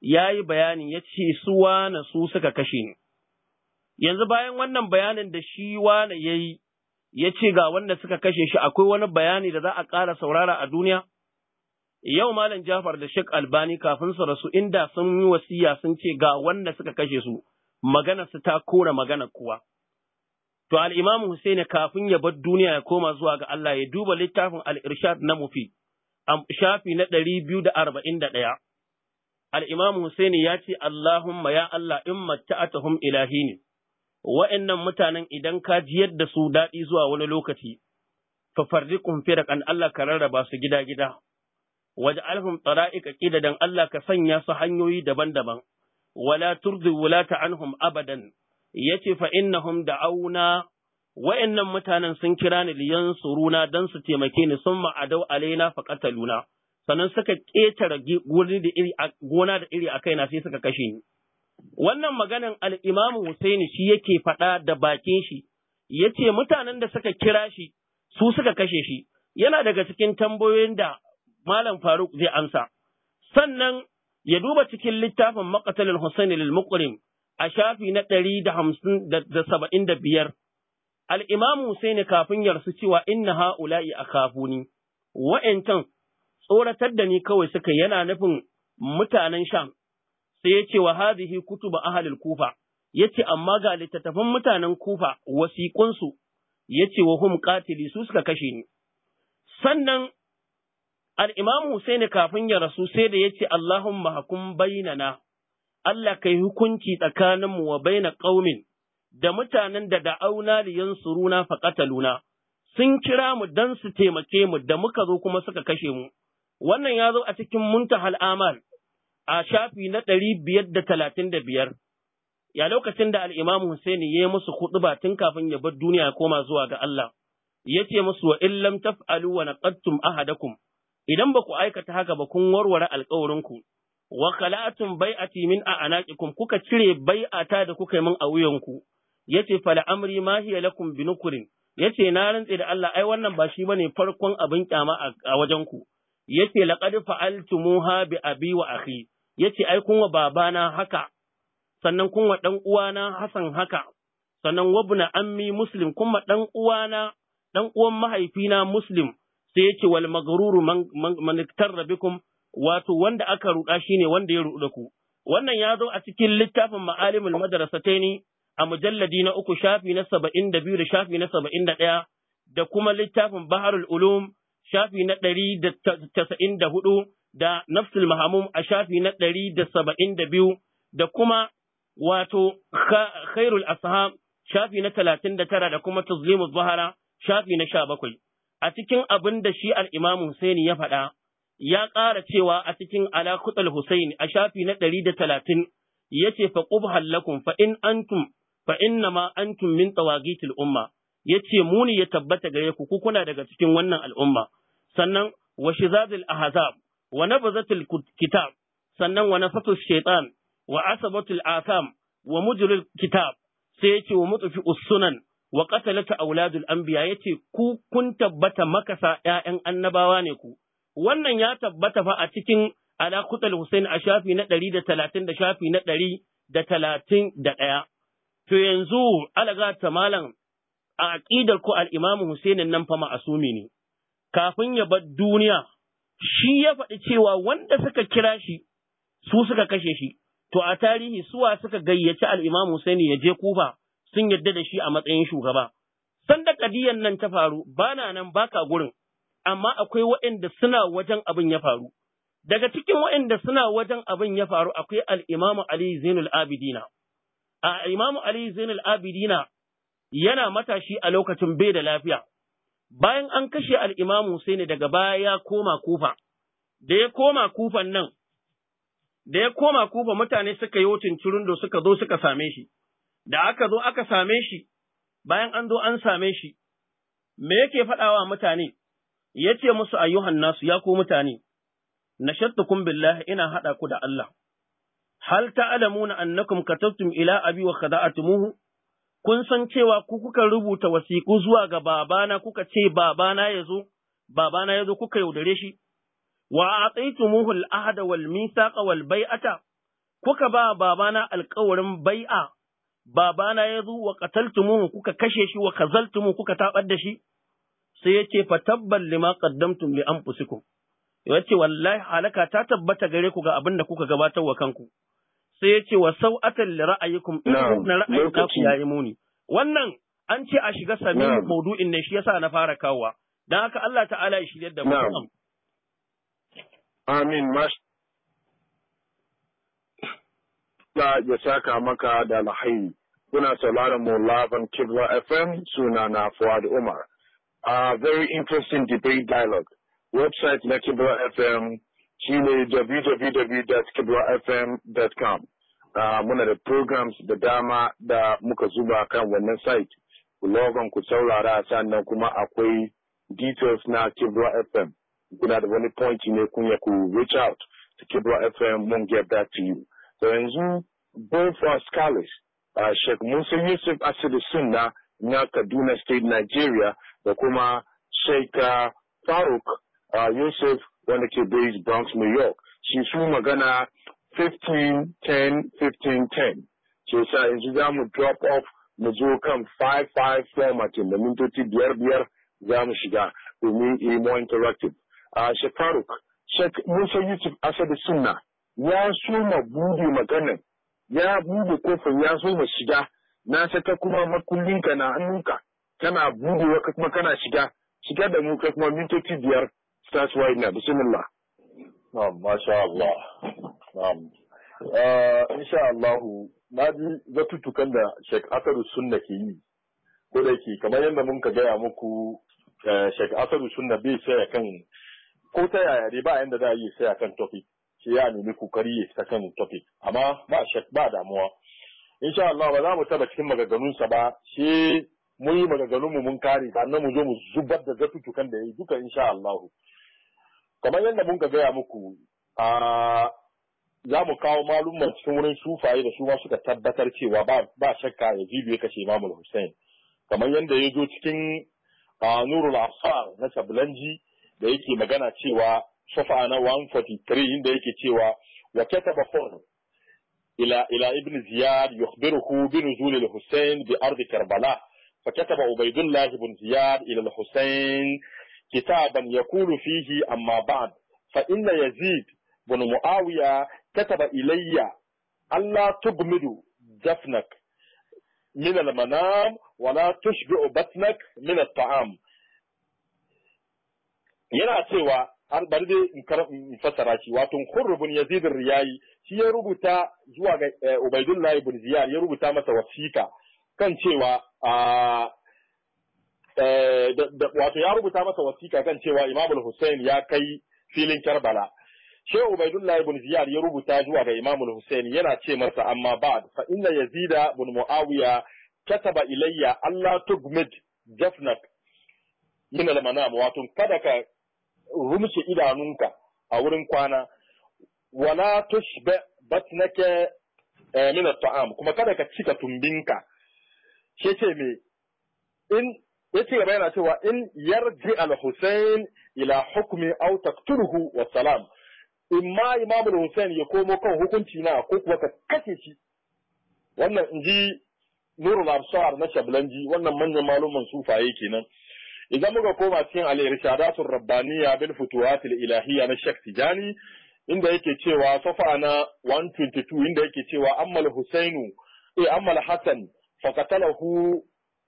ya yi bayani ya ce su wane su suka kashe ni. Yanzu bayan wannan bayanin da shi wane ya yi, ya ce ga wanda suka kashe shi akwai wani bayani da za a ƙara saurara a duniya? Yau Malam Jafar da Sheikh Albani kafin su rasu inda sun yi wasiya sun ce ga wanda suka kashe su, magana su ta kora magana kuwa. To al'imamu Hussein kafin ya bar duniya ya koma zuwa ga Allah ya duba littafin al'irshad na mufi, shafi na ɗari biyu da arba'in da ɗaya. al-Imam Husaini ya ce Allahumma ya Allah in Ilahi ne. wa'annan mutanen idan ka jiyar da su daɗi zuwa wani lokaci fa farriqum kan Allah ka rarraba su gida-gida Waje waj'alhum tara'iqa qidadan Allah ka sanya su hanyoyi daban-daban wala turdi wulata anhum abadan yace fa da auna? wa'annan mutanen sun kira ni liyan suruna dan su taimake ni sun ma'adau alaina faqataluna sannan suka ƙetare gona da iri a kaina sai suka kashe ni. Wannan maganan al'imamu Husaini shi yake faɗa da bakin shi, ya ce mutanen da suka kira shi su suka kashe shi, yana daga cikin tambayoyin da Malam Faruk zai amsa. Sannan ya duba cikin littafin Makatalin Husaini lil a shafi na ɗari da hamsin da saba'in da biyar. Al'imamu Husaini kafin yarsu cewa inna ha'ula'i a kafuni, wa'yancan tsoratar da ni kawai suka yana nufin mutanen Sham sai ya ce wa kutu kutuba ahalil kufa Ya ce amma ga littattafan mutanen kufa wasiƙunsu ce wa hum katili su suka kashe ni sannan al-imam Husaini kafin ya rasu sai da ya yace Allahumma hakum na, Allah kai hukunci tsakaninmu wa baina ƙaumin da mutanen da da'auna li yansuruna luna, sun kira mu dan su taimake mu da muka zo kuma suka kashe mu Wannan ya zo a cikin muntahal amal a shafi na ɗari biyar da talatin da biyar. Ya lokacin da al'imamu Hussaini ya yi musu ba tun kafin ya bar duniya ya koma zuwa ga Allah, ya ce musu wa illam taf'alu wa naqattum ahadakum idan ba ku aikata haka ba kun warware alƙawarinku wa bai bai'ati min a anaqikum kuka cire bai'ata da kuka yi min a wuyanku yace fala amri ma hiya lakum binukurin yace na rantse da Allah ai wannan ba shi bane farkon abin kyama a wajenku yace laqad fa'altumuha bi abi wa akhi yace ai kun wa babana haka sannan kun wa dan uwana Hassan haka sannan wabna ammi muslim kuma dan uwana dan uwan mahaifina muslim sai yace wal maghruru man man bikum wato wanda aka ruɗa shine wanda ya ruda ku wannan ya zo a cikin littafin ma'alimul madrasataini a mujalladi na uku shafi na saba'in da biyu da shafi na saba'in da ɗaya da kuma littafin baharul ulum shafi na ɗari da casa'in da hudu da nafsul mahamum a shafi na ɗari da saba'in da biyu da kuma wato khairul ashab shafi na talatin da tara da kuma tuzlimu zahara shafi na sha bakwai. A cikin abin da shi al'imamu Husaini ya faɗa, ya ƙara cewa a cikin alakutsal Husaini a shafi na ɗari da talatin ya ce fa fa in antum fa inna umma. yace muni ya tabbata gare ku kuna daga cikin wannan al'umma sannan wa shizazil ahzab wa nabzatil kitab sannan wa nasatu Shaitan, wa asabatul asam wa mujril kitab sai yace wa mutfi usunan wa qatalata auladul anbiya yace ku kun tabbata makasa ƴaƴan annabawa ne ku wannan ya tabbata fa a cikin ala kutal Hussein a shafi na ɗari da talatin da shafi na ɗari da talatin da ɗaya. To yanzu alaga malam a aƙidar ku al'imamu Husainin nan fa ma'asumi ne, kafin ya bar duniya, shi ya faɗi cewa wanda suka kira shi, su suka kashe shi, to a tarihi suwa suka gayyaci al'imamu Husaini ya je kufa sun yadda da shi a matsayin shugaba. da kadiyan nan ta faru, ba na nan baka gurin, amma akwai waɗanda suna wajen abin ya faru. Daga cikin waɗanda suna wajen abin ya faru akwai al'imamu Ali Zainul Abidina. A imamu Ali Zainul Abidina yana matashi a lokacin bai da lafiya. Bayan an kashe Alimamu, sai ne daga baya ya koma kufa, da ya koma kufan nan, da ya koma kufa mutane suka yi wucin da suka zo suka same shi, da aka zo aka same shi, bayan an zo an same shi, me yake faɗawa mutane, ya ce musu ayyuhan nasu ya ko mutane, nashattukum billahi ina haɗa ku da Allah. Hal ta'alamuna annakum katabtum ila abi wa khada'atumuhu kun san cewa ku kuka rubuta wasiku zuwa ga babana kuka ce babana ya zo, babana ya zo kuka yaudare shi, wa a tsaitumuhu al'ahada wal misaqa wal bai'ata, kuka ba babana alkawarin bai'a, babana ya zo wa muhu kuka kashe shi wa kazaltumu kuka taɓar da shi, sai ya ce fatabban lima qaddamtum li anfusikum. Ya ce wallahi halaka ta tabbata gare ku ga abin da kuka gabatar wa kanku. sai ya ce wa sau'atan li ra'ayikum na ra'ayin ku yayi muni wannan an ce a shiga sami maudu'in ne shi yasa na fara kawowa dan haka Allah ta'ala ya shiryar da mu amin mash Allah ya saka maka da alhairi kuna sauraron mu Laban Kibla FM suna na Fuad Umar a very interesting debate dialogue website na Kibla FM shine www.kibwafm.com uh, muna da programs da dama da muka zuba kan wannan site ku logon ku saurara sannan kuma akwai details na Kibra FM kuna da wani point ne kunya ku reach out to Kibra FM won't get back to you so yanzu both our scholars uh, Sheikh Musa Yusuf Asidi Sunna na Kaduna State Nigeria da kuma Sheikh uh, Faruk uh, Yusuf wanda ke based Bronx, New York. Shi su magana 15, 10, 15, 10. Ke sa yanzu za mu drop off mu zo kan 5-5 format da mintoci biyar biyar za mu shiga domin yi more interactive. A ah, Shekaruk, Faruk, Sheikh Musa Yusuf Asadu Sunna ya so ma bude maganin, ya bude kofin ya so ma shiga, na saka kuma makullinka na hannunka, kana budewa kuma kana shiga, shiga da mu kuma mintoci biyar That's right now. Bismillah. Oh, masha Allah. uh, insha Allah na ji zatutukan da Sheikh Asaru Sunna ke yi. Ko da yake kamar yadda mun ka gaya muku eh, Sheikh Asaru Sunna bai saya kan ko ta yaya dai ba yanda za a yi saya kan topic. sai ya nemi kokari ya fita kan topic. Amma ba Sheikh ba damuwa. Insha Allah ba za mu taba cikin sa ba. Shi mun yi maganganun mu mun kare sannan mu zo mu zubar da zatutukan da ya yi duka insha Allah kamar yadda mun gaya muku a za mu kawo malumman cikin wurin sufaye da su ma suka tabbatar cewa ba shakka ya jibi ya kashe mamul hussein kamar yadda ya zo cikin nurul asar na sablanji da yake magana cewa shafa na 143 inda yake cewa wa kataba fur ila ila ibn ziyad yukhbiruhu bi nuzul al-husayn bi Ardi karbala فكتب عبيد الله بن ila إلى الحسين كتابا يقول فيه أما بعد فإن يزيد بن معاوية كتب إلي ألا تجمد جفنك من المنام ولا تشبع بطنك من الطعام yana cewa har bari dai in fassara shi wato Hurr bin Yazid riyayi shi ya rubuta zuwa ga Ubaidullah ibn Ziyad ya rubuta masa wasiƙa kan cewa a Eh, wato ya rubuta masa wasiƙa kan cewa Imam Hussein ya kai filin Karbala Shehu Ubaidullah ibn Ziyad ya rubuta zuwa ga Imam Hussein yana ce masa amma ba fa inna Yazida ibn Muawiya kataba ilayya Allah tugmid jafnak min al-manam wato kada ka rumshe idanunka a wurin kwana wala tushba batnaka eh, min al taam kuma kada ka cika tumbinka ke ce me in yace gaba yana cewa in yarji al-Husayn ila hukmi aw taqtuluhu wa salam imma Imam al-Husayn ya komo kan hukunci na ko kuwa ka kashe shi wannan inji Nurul Absar na Shablanji wannan manyan maluman sufaye kenan idan muka koma cikin al-irshadatur rabbaniya bil futuhat al-ilahiyya na Sheikh Tijani inda yake cewa safa na 122 inda yake cewa ammal Husainu eh ammal Hasan faqatalahu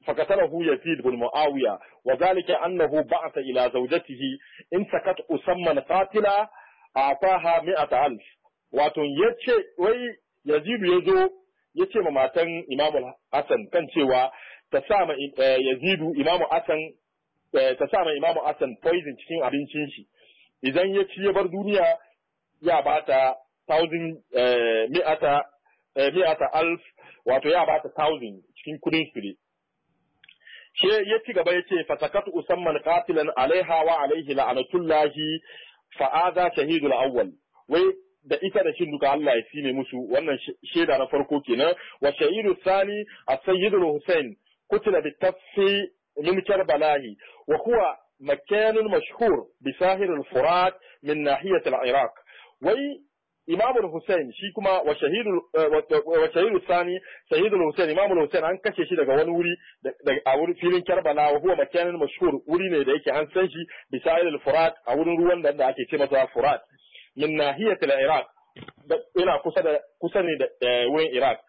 فقتله يزيد بن معاوية وذلك أنه بعث إلى زوجته إن سكت أسمى قاتلا أعطاها مئة ألف واتن يتشي وي يزيد يزو يتي مماتن إمام الحسن كان شوى تسامى يزيد إمام الحسن تسامى إمام الحسن poison cikin abincin shi idan ya ci ya bar duniya ya bata thousand mi'ata mi'ata alf wato ya bata thousand cikin kudin su She ya ci gaba yace fatakatu fatakat usamman qatilan alaiha wa alaihi fa aza shahidul awwal wai da ita da shi duka Allah ya sine musu wannan sheda na farko kenan wa shahidu thani as-sayyidul husain kutila bi tafsi min karbalahi wa huwa makanun mashhur bi sahir al-furat min nahiyat al-iraq wai Imam Hussein shi kuma wa shahidu eh, wa sani shahidul Hussein Imam Hussein an kashe shi daga wani wuri a wurin filin Karbala wa huwa makanin mashhur wuri ne da yake an san shi al Furat a wurin ruwan da ake ce masa Furat min nahiyatil Iraq ina kusa da kusa ne da eh, wurin Iraq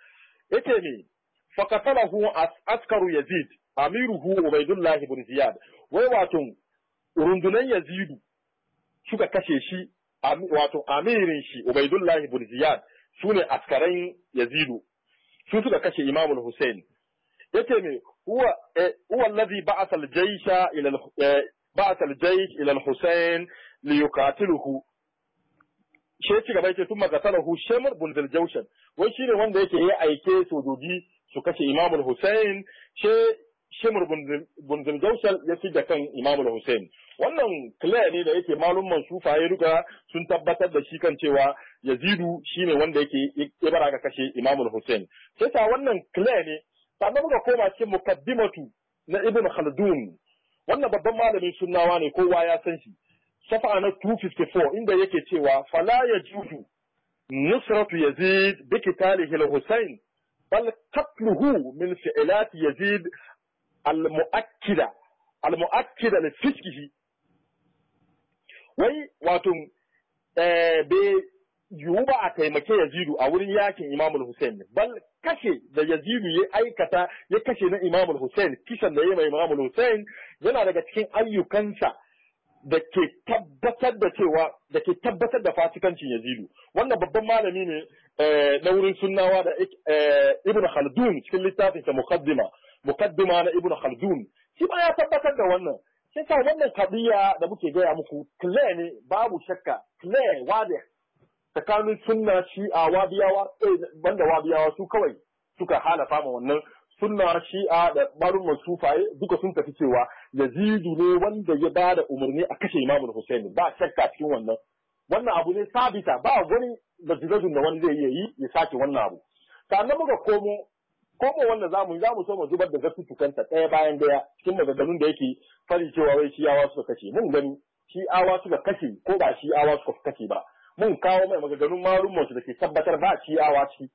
yace ne qatalahu askaru Yazid amiruhu Ubaydullah ibn Ziyad wai wato rundunan Yazidu suka kashe shi wato amirin shi Ubaidullahi bin Ziyad su ne askaran Yazidu su suka kashe Imam Hussein yace me huwa huwa alladhi ba'atha al-jaysha ila ba'atha al-jaysh ila al li yuqatiluhu shi ci gaba yake kuma qatalahu Shamr bin al-jawshan wai shine wanda yake ya aike sojoji su kashe Imam Hussein shi shimur bunzul ya ci da kan imamul hussein wannan clear ne da yake malumman sufaye ruka sun tabbatar da shi kan cewa yazidu shine wanda yake ibara ga kashe imamul hussein sai ta wannan clear ne sannan muka koma cikin mukaddimatu na ibn khaldun wannan babban malamin sunnawa ne kowa ya san shi safa na 254 inda yake cewa fala yajudu nusratu yazid bi kitalihi al-husayn بل قتله من فعلات يزيد al-mu'akkida al-mu'akkida li fiskihi wai wato eh, bai yiwu ba a taimake yazidu a wurin yakin imamul hussein bal kashe da yazidu ya aikata ya kashe na imamul hussein kisan da ya mai imamul hussein yana daga cikin ayyukansa da ke tabbatar da cewa da ke tabbatar da fasikancin yazidu wannan babban malami ne eh, na wurin sunnawa da eh, ibn khaldun cikin littafin sa muqaddima mukaddima na ibnu khaldun shi ba ya tabbatar da wannan sai ka wannan kadiya da muke gaya muku clear ne babu shakka clear wade tsakanin sunna shi'a wabiyawa eh banda wabiyawa su kawai suka halafa ma wannan sunna shi'a da barin sufaye duka sun tafi cewa yazidu ne wanda ya ba da umarni a kashe imamul husaini ba shakka cikin wannan wannan abu ne sabita ba wani da da wani zai iya yi ya sace wannan abu sannan muka komo ko mu wanda zamu zamu so mu zubar da tukanta ɗaya bayan ɗaya cikin maganganun da yake fari cewa wai awa suka kashe mun gani awa suka kashe ko ba awa suka kashe ba mun kawo mai maganganun malumman su da ke tabbatar ba awa ciki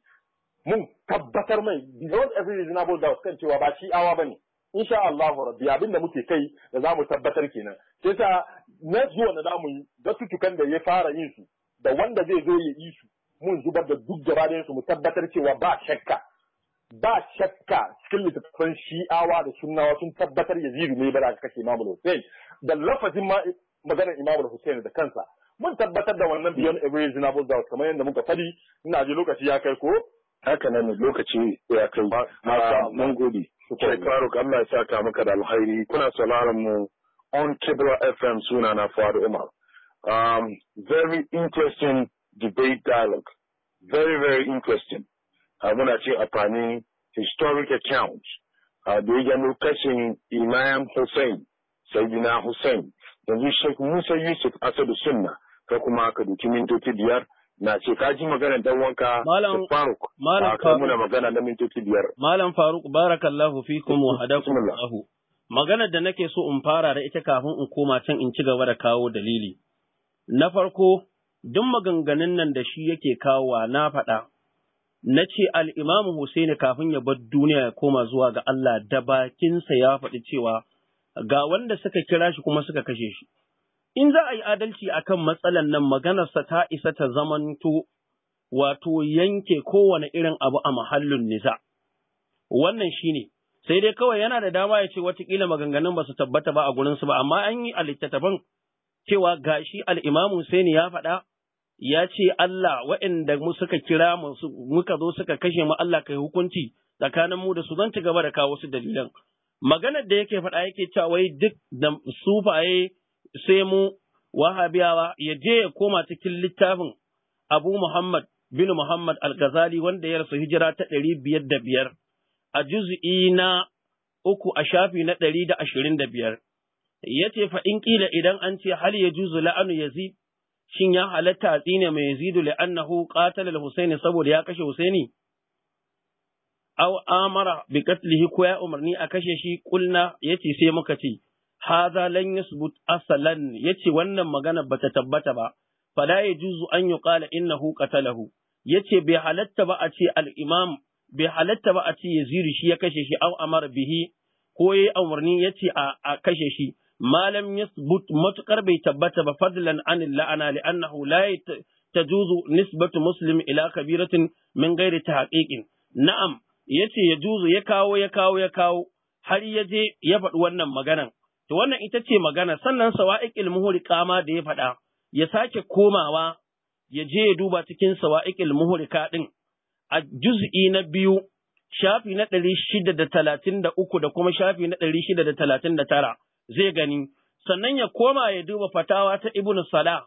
mun tabbatar mai beyond every reasonable doubt kan cewa ba ne bane insha Allah rabbi abin da muke kai da zamu tabbatar kenan sai ta na zuwa da zamu yi tukan da ya fara yin su da wanda zai zo ya yi su mun zubar da duk gaba su mu tabbatar cewa ba shakka ba shakka cikin littattafan shi'awa da sunnawa sun tabbatar yazidu ne ba da aka kashe imamul hussein da lafazin maganar Imam hussein da kansa mun tabbatar da wannan biyan every reasonable doubt kamar yadda muka fadi ina ji lokaci ya kai ko haka nan lokaci ya kai ah, mun gode sai faruk Allah ya saka maka da alkhairi kuna sauraron mu on Kibra FM suna na faru Umar um very interesting debate dialogue very very interesting Ah, muna ce amfanin historic account ah, da ya gano kashin imam hussein sayyidina hussein yanzu sheikh musa yusuf asadu sunna ka kuma ka duki mintoci biyar na ce ka ji magana dan wanka malam faruk malam ah, faruk muna magana na mintoci biyar malam faruk barakallahu fikum wa hadakum allah maganar da nake so in fara da ita kafin in koma can in ci gaba da kawo dalili na farko duk maganganun nan da shi yake kawowa na faɗa na ce al'imamu Hussaini kafin ya bar duniya ya koma zuwa ga Allah da bakinsa ya faɗi cewa ga wanda suka kira shi kuma suka kashe shi. In za a yi adalci a kan matsalan nan maganarsa ta isa ta zamanto wato yanke kowane irin abu a mahallin niza. Wannan shi ne, sai dai kawai yana da dama ya ce watakila maganganun ba su tabbata ba a gurinsu ba, amma an yi a littattafan cewa shi al'imamu Hussaini ya faɗa ya ce Allah waɗanda suka kira muka zo suka kashe mu Allah kai hukunci tsakanin mu da su zan ci gaba da kawo su dalilan maganar da yake faɗa yake cewa wai duk da sufaye sai mu wahabiyawa ya je ya koma cikin littafin Abu Muhammad bin Muhammad Al-Ghazali wanda ya rasu hijira ta ɗari biyar da biyar a juz'i na uku a shafi na ɗari da ashirin da biyar. Ya ce fa in ƙila idan an ce hal ya juzu la'anu yazid shin ya halatta a tsine mai yazidu annahu qatala al-husaini saboda ya kashe husaini aw amara bi qatlihi ko ya umarni a kashe shi kulna yace sai muka ce hadha lan yasbut asalan yace wannan magana bata tabbata ba fala yajuzu an yuqala innahu qatalahu yace bai halatta ba a ce al-imam bai halatta ba a ce yazidu shi ya kashe shi aw amara bihi ko yayi umarni yace a kashe shi malam yasbut matukar bai tabbata ba fadlan an la'ana li'annahu la tajuzu nisbatu muslim ila kabiratin min ghairi tahqiqin na'am yace yajuzu ya kawo ya kawo ya kawo har ya je ya faɗi wannan maganan to wannan ita ce maganar. sannan sawa'iqil muhri kama da ya faɗa ya sake komawa ya je ya duba cikin sawa'iqil muhrika din a juz'i na biyu shafi na ɗari shida da talatin da uku da kuma shafi na ɗari shida da talatin da tara zai gani, sannan ya koma ya duba fatawa ta Ibn Sala,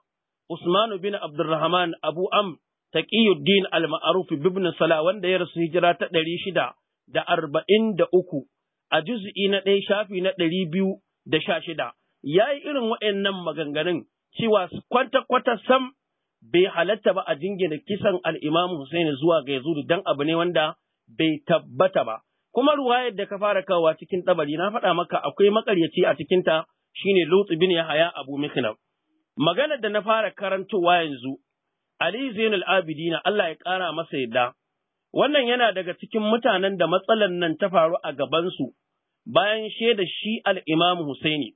Usmanu bin Abdulrahman Abu Am Taqiyuddin al-Ma'ruf ibn Sala wanda ya rasu hijira ta ɗari shida da arba'in da uku a juz'i na ɗaya shafi na ɗari biyu da sha shida. Ya yi irin waɗannan maganganun cewa kwanta kwata sam bai halatta ba a jingina kisan al'imamu Hussein zuwa ga Yazudu dan abu ne wanda bai tabbata ba. Kuma ruwayar da ka fara kawa cikin tabari na faɗa maka akwai makaryaci a cikinta shine Lutsu bin Yahaya Abu mikina Maganar da na fara karantowa yanzu Ali Zainul Abidina Allah ya ƙara masa yadda. Wannan yana daga cikin mutanen da matsalan nan ta faru a gabansu bayan shaida shi imam Husaini.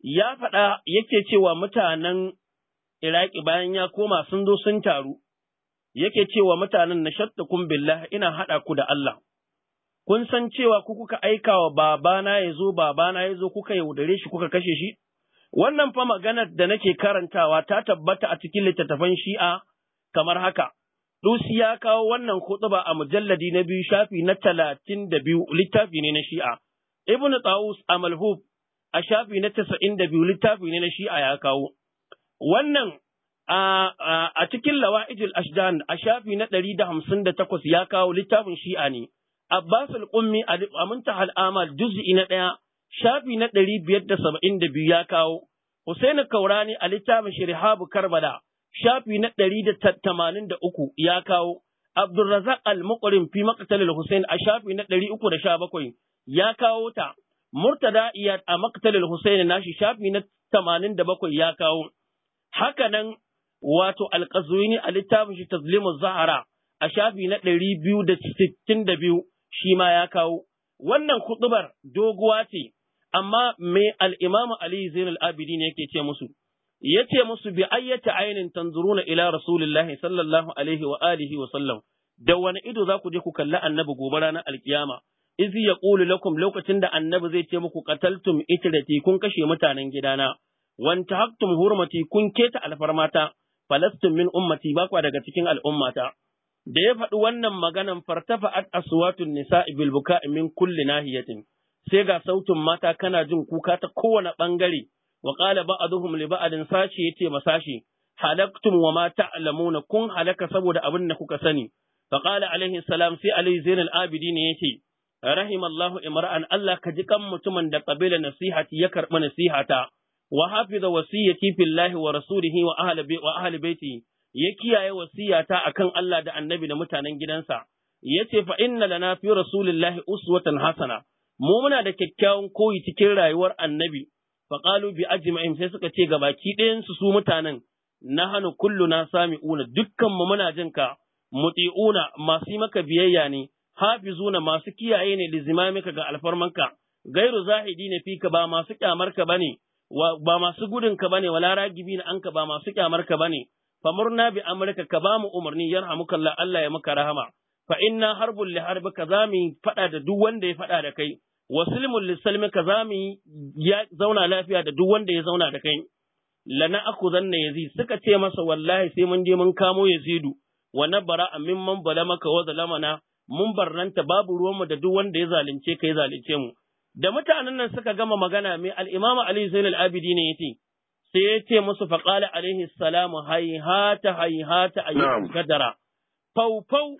Ya faɗa yake cewa mutanen Iraki bayan ya koma sun zo sun taru, yake cewa mutanen na shattakun billah ina haɗa ku da Allah. kun san cewa ku kuka aika wa babana ya zo babana ya zo kuka yaudare shi kuka kashe shi? Wannan fa maganar da nake karantawa ta tabbata a cikin littattafan shi'a kamar haka. Dusi ya kawo wannan kutuba a mujalladi na biyu shafi na talatin da biyu littafi ne na shi'a. Ibn taus a Malhub a shafi na tasa'in da biyu littafi ne na shi'a ya kawo. Wannan a cikin lawa'ijil Ashdan a shafi na ɗari da hamsin da takwas ya kawo littafin shi'a ne. Abbas al-Ummi a Muntaha al-Amal juz'i na ɗaya shafi na ɗari biyar da saba'in da biyu ya kawo Husainu Kaurani a littafin Shirhabu Karbala shafi na ɗari da tamanin da uku ya kawo Abdulrazak al-Muqrim fi maqtalil Husain a shafi na ɗari uku da sha bakwai ya kawo ta Murtada Iyad a maqtalil Husain nashi shafi na tamanin da bakwai ya kawo haka nan wato al a littafin shi Tazlimu Zahara a shafi na ɗari biyu da sittin da biyu shi ma ya kawo. Wannan kuɗubar doguwa ce, amma mai al'imamu Ali Zainul ne yake ce musu, ya ce musu bi ayyata ainin tanzuruna ila rasulullahi sallallahu alaihi wa alihi wa sallam, da wani ido za ku je ku kalli annabi gobe ranar alkiyama, izi ya ƙulu lakum lokacin da annabi zai ce muku qataltum itirati kun kashe mutanen gidana, wanta haktum hurmati kun keta alfarmata, falastum min ummati ba daga cikin al'ummata. da ya faɗi wannan maganan fartafa at aswatun nisa'i bil buka'i min kulli nahiyatin sai ga sautin mata kana jin kuka ta kowane bangare wa qala ba'dhum li ba'din sashi yace masashi halaktum wa ma ta'lamuna kun halaka saboda abin da kuka sani fa qala alaihi salam sai alaihi zainal abidin yace rahimallahu imra'an Allah ka ji kan mutumin da qabila nasihati ya karɓi nasihata wa hafiza wasiyati billahi wa rasulihi wa ahli wa ahli baiti ya kiyaye wasiyata akan Allah da annabi da mutanen gidansa, ya ce fa inna lana fi rasulillahi uswatan hasana, mu muna da kyakkyawan koyi cikin rayuwar annabi, fa qalu bi ajma'in sai suka ce ga baki ɗayansu su mutanen na hana kullu na sami una dukkan mu muna jin ka muti'una masu maka biyayya ne hafizuna masu kiyaye ne lizimamika ga alfarmanka gairu zahidi ne ka ba masu kyamarka bane ba masu gudun ka bane wala ragibi na anka ba masu kyamarka ba bane famurna bi amurka ka ba mu umarni yarhamukallah Allah ya maka rahama fa inna harbul li harbika za mu faɗa da duk wanda ya faɗa da kai wa silmul li salmika za mu ya zauna lafiya da duk wanda ya zauna da kai lana akuzanna yazid suka ce masa wallahi sai mun je mun kamo yazidu wa nabara mimman balamaka wa zalamana mun barnanta babu ruwanmu da duk wanda ya zalunce ka zalunce mu da mutanen nan suka gama magana mai al-imamu ali zainal abidi ya ce. sai ya ce musu faƙala alaihi salamu haihata haihata a yau gadara. Faufau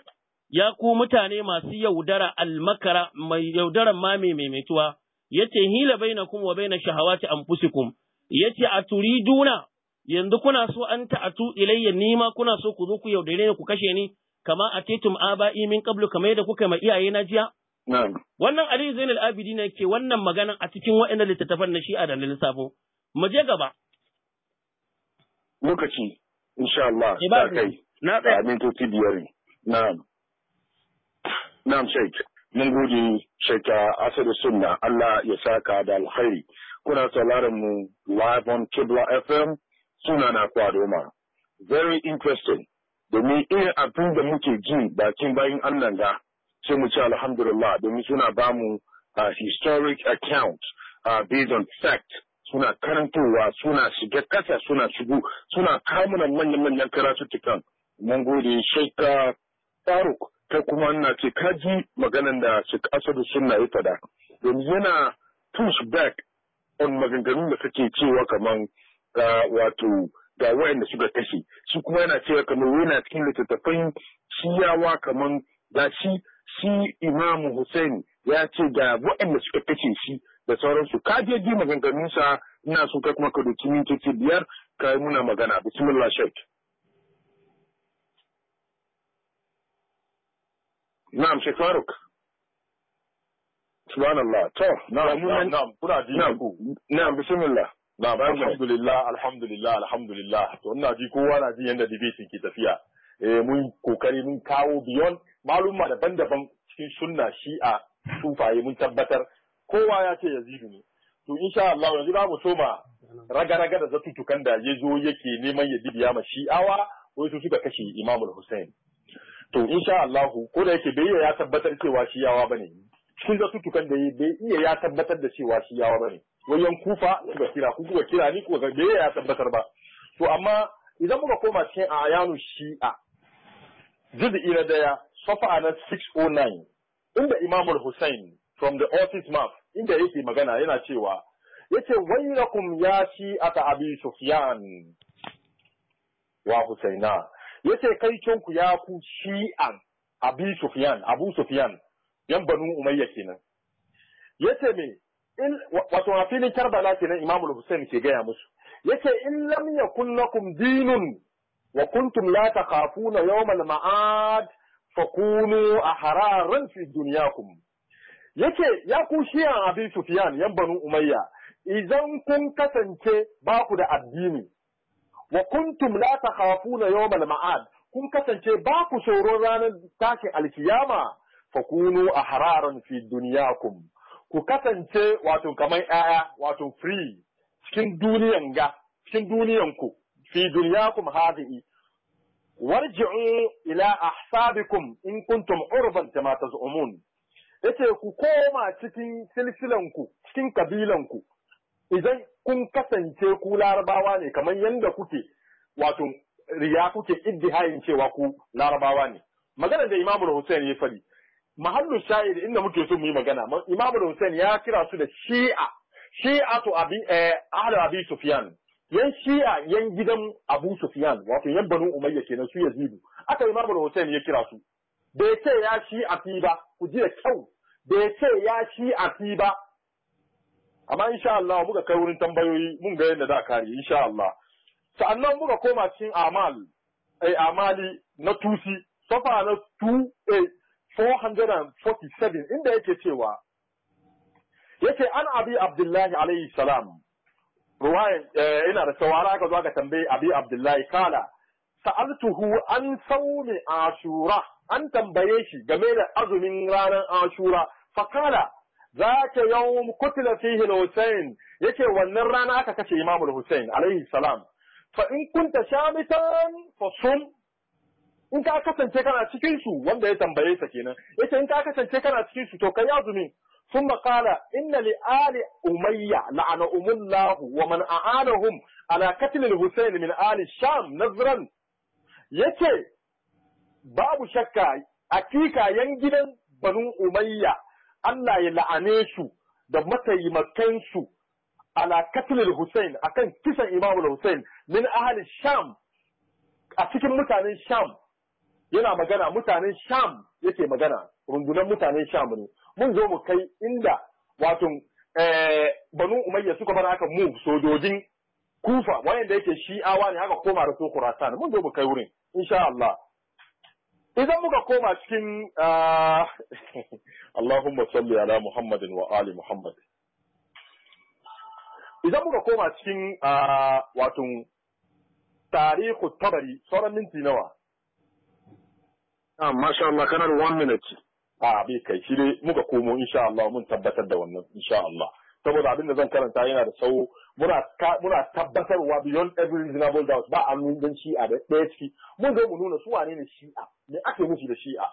ya ku mutane masu yaudara almakara mai yaudaran ma mai maimaituwa, ya ce hila bai baina kuma wa baina shahawa anfusikum ya ce a turi duna yanzu kuna so an ta'atu ilayya ma kuna so ku zo ku yaudare ku kashe ni kama a tetum aba'i min kablu kamar yadda kuka ma iyaye na jiya. Wannan Ali Zainal Abidi ne ke wannan magana a cikin waɗannan littattafan na shi'a da safo. Mu je gaba. lokaci insha Allah ta kai na tsaya mintoci biyar ne na'am na'am sheik mun gode sheik asadu sunna Allah ya saka da alkhairi kuna sauraron mu live on Kibla FM suna na kwadoma very interesting domin irin abin da muke ji bakin bayan Allah ga sai mu ci alhamdulillah domin suna bamu a historic account uh, based on fact suna karantowa suna shiga kasa suna shigo suna kamunan manyan-manyan karatuttukan mun gode shaita faruk kai kuma na ce kaji maganan da kasa da suna yi fada yanzu yana push back on maganganun da suke cewa kaman ga wato ga wayanda suka kashe shi kuma yana cewa kamar yana cikin ya ciyawa kaman da shi shi imamu hussein ya ce ga wayanda suka kashe shi da sauransu ka je ji maganganun sa ina so kai kuma ka doki mintoci biyar ka yi muna magana bismillah sheik na'am sheik faruk subhanallah to na'am na'am kuna ji na'am bismillah na'am alhamdulillah alhamdulillah alhamdulillah to ina ji kowa na ji yanda debate ke tafiya eh mun kokari mun kawo beyond maluma daban-daban cikin sunna shi'a sufaye mun tabbatar kowa ya ce yazidu ne to insha Allah yanzu za mu soma raga-raga da tukan da ya zo yake neman ya bibiya ma shi'awa wai su suka kashe Imam Hussein to insha Allah ko da yake bai ya tabbatar cewa shi'awa bane cikin tukan da ya bai iya ya tabbatar da cewa shi'awa bane wayan kufa kuka kira ku kuka kira ni kuka bai ya tabbatar ba to amma idan muka koma cikin ayanu shi'a juz'i na daya safa na 609 inda Imam Hussein from the office map inda yake magana yana cewa yace wairakum ya shi aka abi sufyan wa husaina yace kai ku ya ku shi'an abi sufyan abu sufyan yan banu umayya kenan yace me in wato a filin karbala kenan imamu al-husayn ke gaya musu yace in lam yakun lakum dinun wa kuntum la takhafuna yawm al-ma'ad fakunu ahrarun fi dunyakum Yake ya ku shiyan abin Sufiyan yan banu Umayya, idan kun kasance ba ku da addini, wa kuntum la takhafuna da ma'ad, kun kasance ba ku ranar tashin alkiyama, fa a hararan fi dunyakum Ku kasance wato kamar ‘ya'ya wato free cikin duniyan ga, cikin ku, fi dunyakum hazi'i. Warji'u ila ahsabikum in kuntum urban kama taz'umun. yace ku koma cikin silsilanku cikin kabilanku idan kun kasance ku larabawa ne kamar yadda kuke wato riya kuke iddihayin cewa ku larabawa ne magana da imamu hussein ya fari mahallu sha'ir inda muke so mu yi magana imamu hussein ya kira su da shi'a shi'a to abi eh abi sufyan yan shi'a yan gidan abu sufyan wato yan banu umayya kenan su yazidu aka imamu hussein ya kira su bai ce ya shi a fi ba ku ji da kyau bai ce ya shi a fi ba amma insha Allah muka kai wurin tambayoyi mun ga yadda za kare insha Allah sa'annan muka koma cikin amal ai eh, amali na tusi safa na 447 eh, inda yake cewa yake an abi abdullahi alayhi salam ruwayan eh, ina da tsawara, aka zo ga tambaye abi abdullahi kala sa'altuhu an a ashura an tambaye shi game da azumin ranar ashura fakala za ta yawon kutila fihi al husayn yake wannan rana aka kace Imam al husayn alayhi salam fa in kunta shamitan fa sum in ka kasance kana cikin su wanda ya tambaye sa kenan yace in ka kasance kana cikin su to kai azumi ثم قال إن لآل أمية لعن أم الله ومن أعانهم على قتل الحسين من آل الشام نظرا yace babu shakka hakika yan gidan banu umayya Allah ya la'ane su da mataimakan su ala Husain, Hussein akan kisan Imamul Hussein min ahli Sham a cikin mutanen Sham yana magana mutanen Sham yake magana rundunar mutanen Sham ne mun zo mu kai inda wato eh, banu umayya suka bar haka mu sojojin kufa wayanda yake shi'awa ne haka koma da su khurasan mun zo mu kai wurin insha Allah idan muka koma cikin ah, Allahumma salli ala Muhammadin wa ali Muhammad idan muka koma cikin ah, wato tarihu tabari sauran minti nawa ah masha Allah kana da 1 minute a ah, bai kai shi dai muka komo insha Allah mun tabbatar da wannan insha Allah saboda abin da zan karanta yana da tsawo muna tabbatarwa beyond every reasonable doubt ba a nuna shi'a da ɗaya ciki mun zo mu nuna su wane ne shi'a me ake nufi da shi'a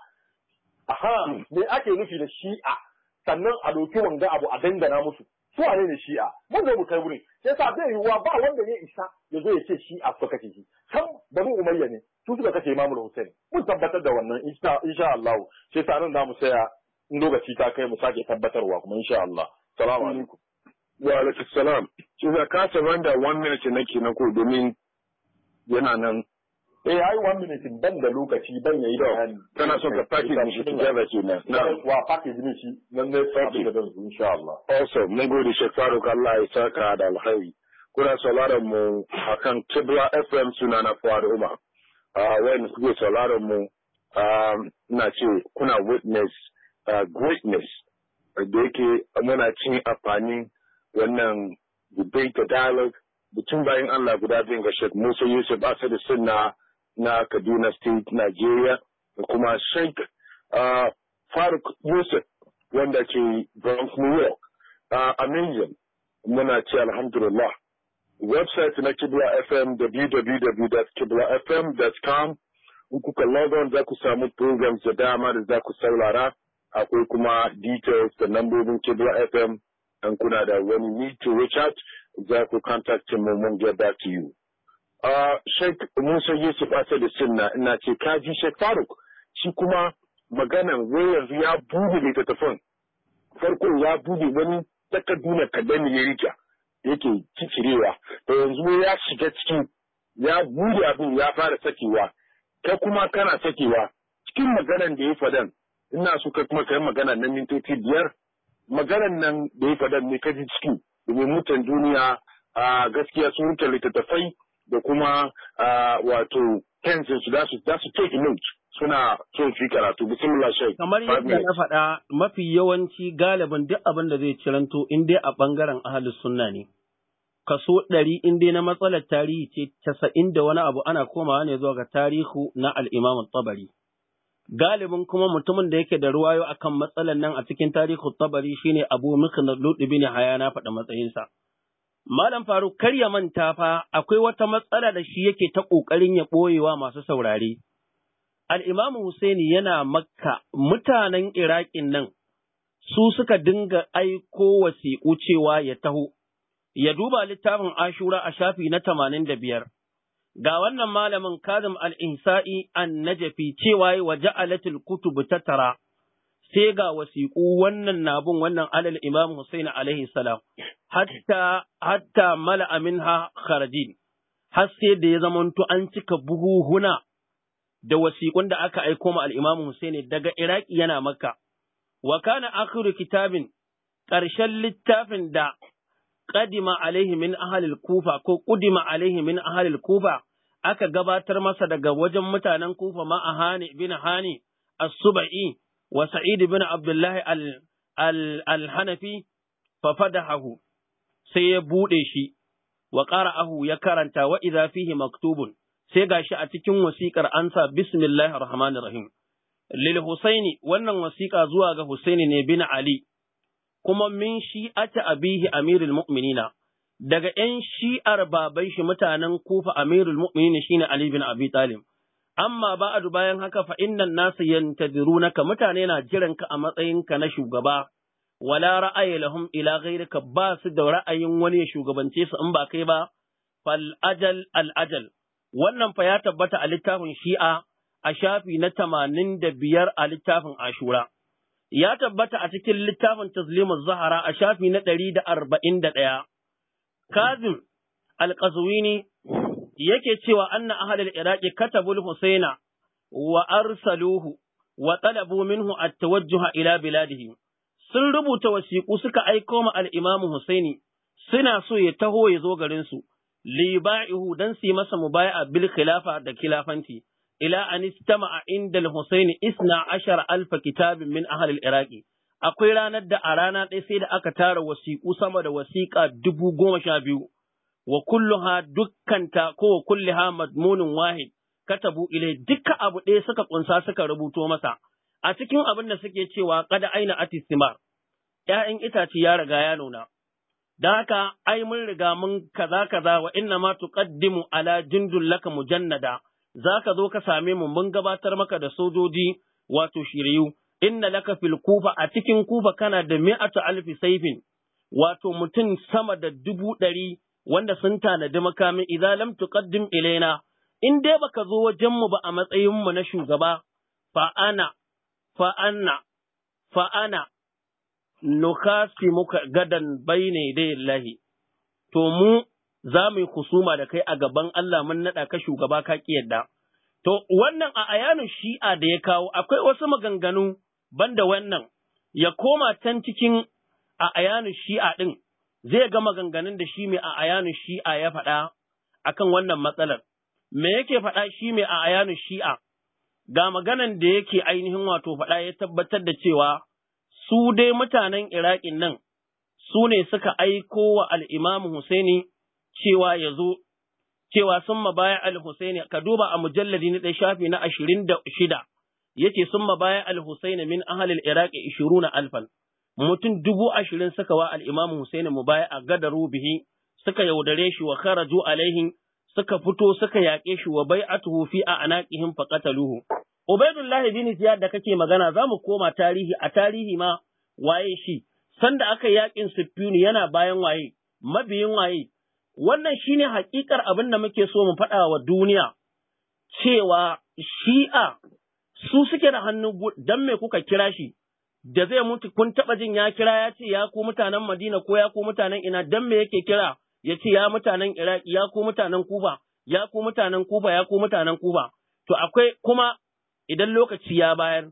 aha me ake nufi da shi'a sannan a doki wanga abu a dangana musu su wane ne shi'a mun zo mu kai wurin sai sa zai yiwuwa ba wanda ya isa ya zo ya ce shi'a suka kashe shi kan bani umayya ne su suka kashe imamul husaini mun tabbatar da wannan insha Allah sai sa nan za mu saya in lokaci ta kai mu sake tabbatarwa kuma insha Allah Salamu alaikum. Wa alaikum salam. Shi za ka surrender one minute nake na ko domin yana nan. Eh ai one minute ban da lokaci ban yayi da hannu. Kana son ka package shi together kenan. Na wa package ne shi nan ne sai da zan insha Allah. Also mun gode Sheikh Faruk Allah ya saka da alkhairi. Kuna sauraron mu akan Kibla FM suna na Fuad Umar. Uh, ah, wayan suke sauraron mu um, na ce kuna witness uh, greatness da yake muna cin amfanin wannan debate da dialogue mutum bayan Allah guda biyu ga Sheikh Musa Yusuf Asadu Sunna na Kaduna State, Nigeria da kuma Sheikh uh, Faruk Yusuf wanda ke Bronx, New York. Uh, Amazing. Muna ce alhamdulillah. Website na Kibla FM www.kiblafm.com kuka log on za ku samu programs da dama da za ku saurara. akwai kuma details da lambobin Kibla FM in kuna da wani need to reach out za ku contact mu mun get back to you. Uh, Sheikh Musa Yusuf Asad Sunna ina ce kaji Sheikh Faruk shi kuma maganan wai yanzu ya bude littattafan farko ya bude wani takarduna kadan ya rika yake cicirewa to yanzu ya shiga cikin ya bude abin ya fara sakewa ta kuma kana sakewa cikin maganan da ya fadan ina so ka kuma kai magana na mintoci biyar maganan nan da ya faɗa ne kaji ciki domin mutan duniya a gaskiya sun rike littattafai da kuma wato kensin su za su take note suna son fi karatu bismillah shai kamar yadda na faɗa mafi yawanci galibin duk abin da zai ciranto in dai a bangaren ahalin sunna ne kaso ɗari in dai na matsalar tarihi ce casa'in da wani abu ana komawa ne zuwa ga tarihu na al'imamun tabari galibin kuma mutumin da yake da ruwayo akan matsalan nan a cikin tarihi tabari shine Abu Mikhnad Ludi bin Hayana faɗa matsayinsa Malam Faruk kar ya manta fa akwai wata matsala da shi yake ta ƙoƙarin ya ɓoyewa masu saurare Al-Imam Husaini yana Makka mutanen Iraƙin nan su suka dinga aiko wasiƙu cewa ya taho ya duba littafin Ashura a shafi na 85 ga wannan malamin Kazim al insa'i an-Najafi cewa wa ja'alatul kutub tara, sai ga wasiƙu wannan nabun wannan alal Imam Hussein alaihi salam hatta hatta mala'a minha kharajin har sai da ya zamanto an cika buhuhuna da wasiƙun da aka aiko ma al-Imam Hussein daga Iraki yana Makka wa kana akhiru kitabin ƙarshen littafin da qadima alaihi min ahlil kufa ko qudima alaihi min ahlil kufa aka gabatar masa daga wajen mutanen kufa ma ahani bin hani as-subai wa sa'id bin abdullahi al-hanafi fa fadahahu sai ya bude shi wa qara'ahu ya karanta wa idza fihi maktubun sai gashi a cikin wasiƙar ansa bismillahir rahmanir rahim lil husaini wannan wasiƙa zuwa ga husaini ne bin ali kuma min shi'ati abihi amirul mu'minina daga ‘yan shi'ar baban shi mutanen kufa amirul mu'minina shine Ali bin Abi Talib. Amma ba'adu bayan haka fa innan nasu ka mutane na jiranka a matsayinka na shugaba wala ra'ayi lahum ila ghayrika ba su da ra'ayin wani ya shugabance su in ba kai ba fal ajal al ajal wannan fa ya tabbata a littafin shi'a a shafi na tamanin da biyar a littafin ashura ya tabbata a cikin littafin Tazlimuz Zahara a shafi na ɗari da arba'in da ɗaya. Kazim Alƙazuwini yake cewa anna ahalul Iraqi katabul Husaina wa arsaluhu wa talabu minhu at-tawajjuha ila biladihi. Sun rubuta wasiƙu suka aiko ma al-Imam Husaini suna so ya taho ya zo garinsu. su. Liba'ihu dan su yi masa a bil khilafa da khilafanti. ila an istama'a inda al-Husaini isna ashar alfa kitabin min ahli al akwai ranar da a rana ɗaya sai da aka tara wasiƙu sama da wasiƙa dubu goma sha biyu wa kulluha dukkanta ko wa kulliha madmunin wahid katabu ilai duka abu ɗaya suka kunsa suka rubuto masa a cikin abin da suke cewa kada aina atisima ‘ya'yan itace ya riga ya nuna, da haka ai mun riga mun kaza kaza wa inna ma tuqaddimu ala jundun laka mujannada za ka zo ka same mu mun gabatar maka da sojoji wato shiryu. inna laka fil kufa a cikin kufa kana da mi'atu alfi saifin wato mutum sama da dubu ɗari wanda sun tanadi makamin idza lam tuqaddim ilaina in dai baka zo wajen mu ba a matsayin mu na shugaba fa ana fa ana fa ana nukasi muka gadan bayne dai lahi to mu za mu yi husuma da kai a gaban Allah mun naɗa ka shugaba ka ƙi yadda. To wannan a ayanin shi'a da ya kawo akwai wasu maganganu banda wannan ya koma can cikin a ayanin shi'a ɗin zai ga maganganun da shi mai a ayanin shi'a ya faɗa akan wannan matsalar. Me yake faɗa shi mai a ayanin shi'a ga maganan da yake ainihin wato faɗa ya tabbatar da cewa su dai mutanen Iraƙin nan su ne suka aiko wa al'imamu Husaini cewa ya zo cewa sun mabaya al-Husaini ka duba a mujalladi na ɗaya shafi na ashirin da shida yace sun mabaya al-Husaini min ahalil ishiru na alfan mutum dubu ashirin suka wa al-Imam Husaini mubaya a gadaru bihi suka yaudare shi wa kharaju alaihin suka fito suka yaƙe shi wa bai a fi a anaqihim faqataluhu Ubaidullahi bin Ziyad da kake magana za mu koma tarihi a tarihi ma waye shi sanda aka yaƙin Siffini yana bayan waye mabiyin waye Wannan shi ne haƙiƙar abin da muke so mu faɗa wa duniya cewa shi'a su suke da hannu don me kuka kira shi da zai mutu kun taɓa jin ya kira ya ce ya ku mutanen Madina ko ya ku mutanen ina don me yake kira ya ce ya mutanen Iraki ya ku mutanen Kuba ya ku mutanen Kuba ya ku mutanen Kuba to akwai kuma idan lokaci ya bayar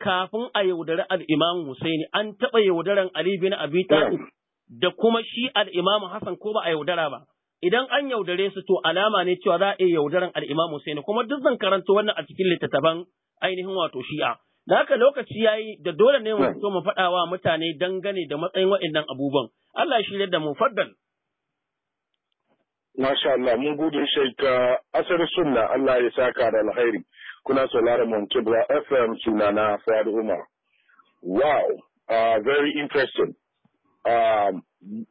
kafin a yaudari al'imam Husaini an taɓa yaudaran Ali bin Abi Talib da kuma shi al'imamu Hassan ko ba a yaudara ba. Idan an yaudare su to alama ne cewa za a iya yaudaran al'imamu Hussein kuma duk zan karanta wannan a cikin littattafan ainihin wato shi'a. Da haka lokaci ya yi da dole ne mu so mu faɗa wa mutane dangane da matsayin waɗannan abubuwan. Allah shi da mu faddal. Masha Allah, mun gode uh, asar sunna Allah ya saka da alkhairi. Kuna sauraron mun Kibra FM sunana Fuad Umar. Wow, uh, very interesting. Um,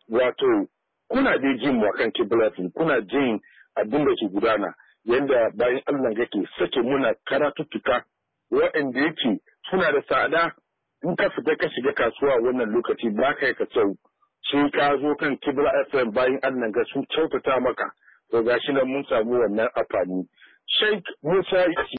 wato kuna dai jin wakan kiblatin kuna jin abin da ke gudana yadda bayan Allah yake sake muna karatuttuka waɗanda yake suna da tsada in ka fita ka shiga kasuwa wannan lokaci ba ka yi ka sau sai ka zo kan kibla fm bayan Allah ga sun kyautata maka to gashi nan mun samu wannan amfani Sheikh Musa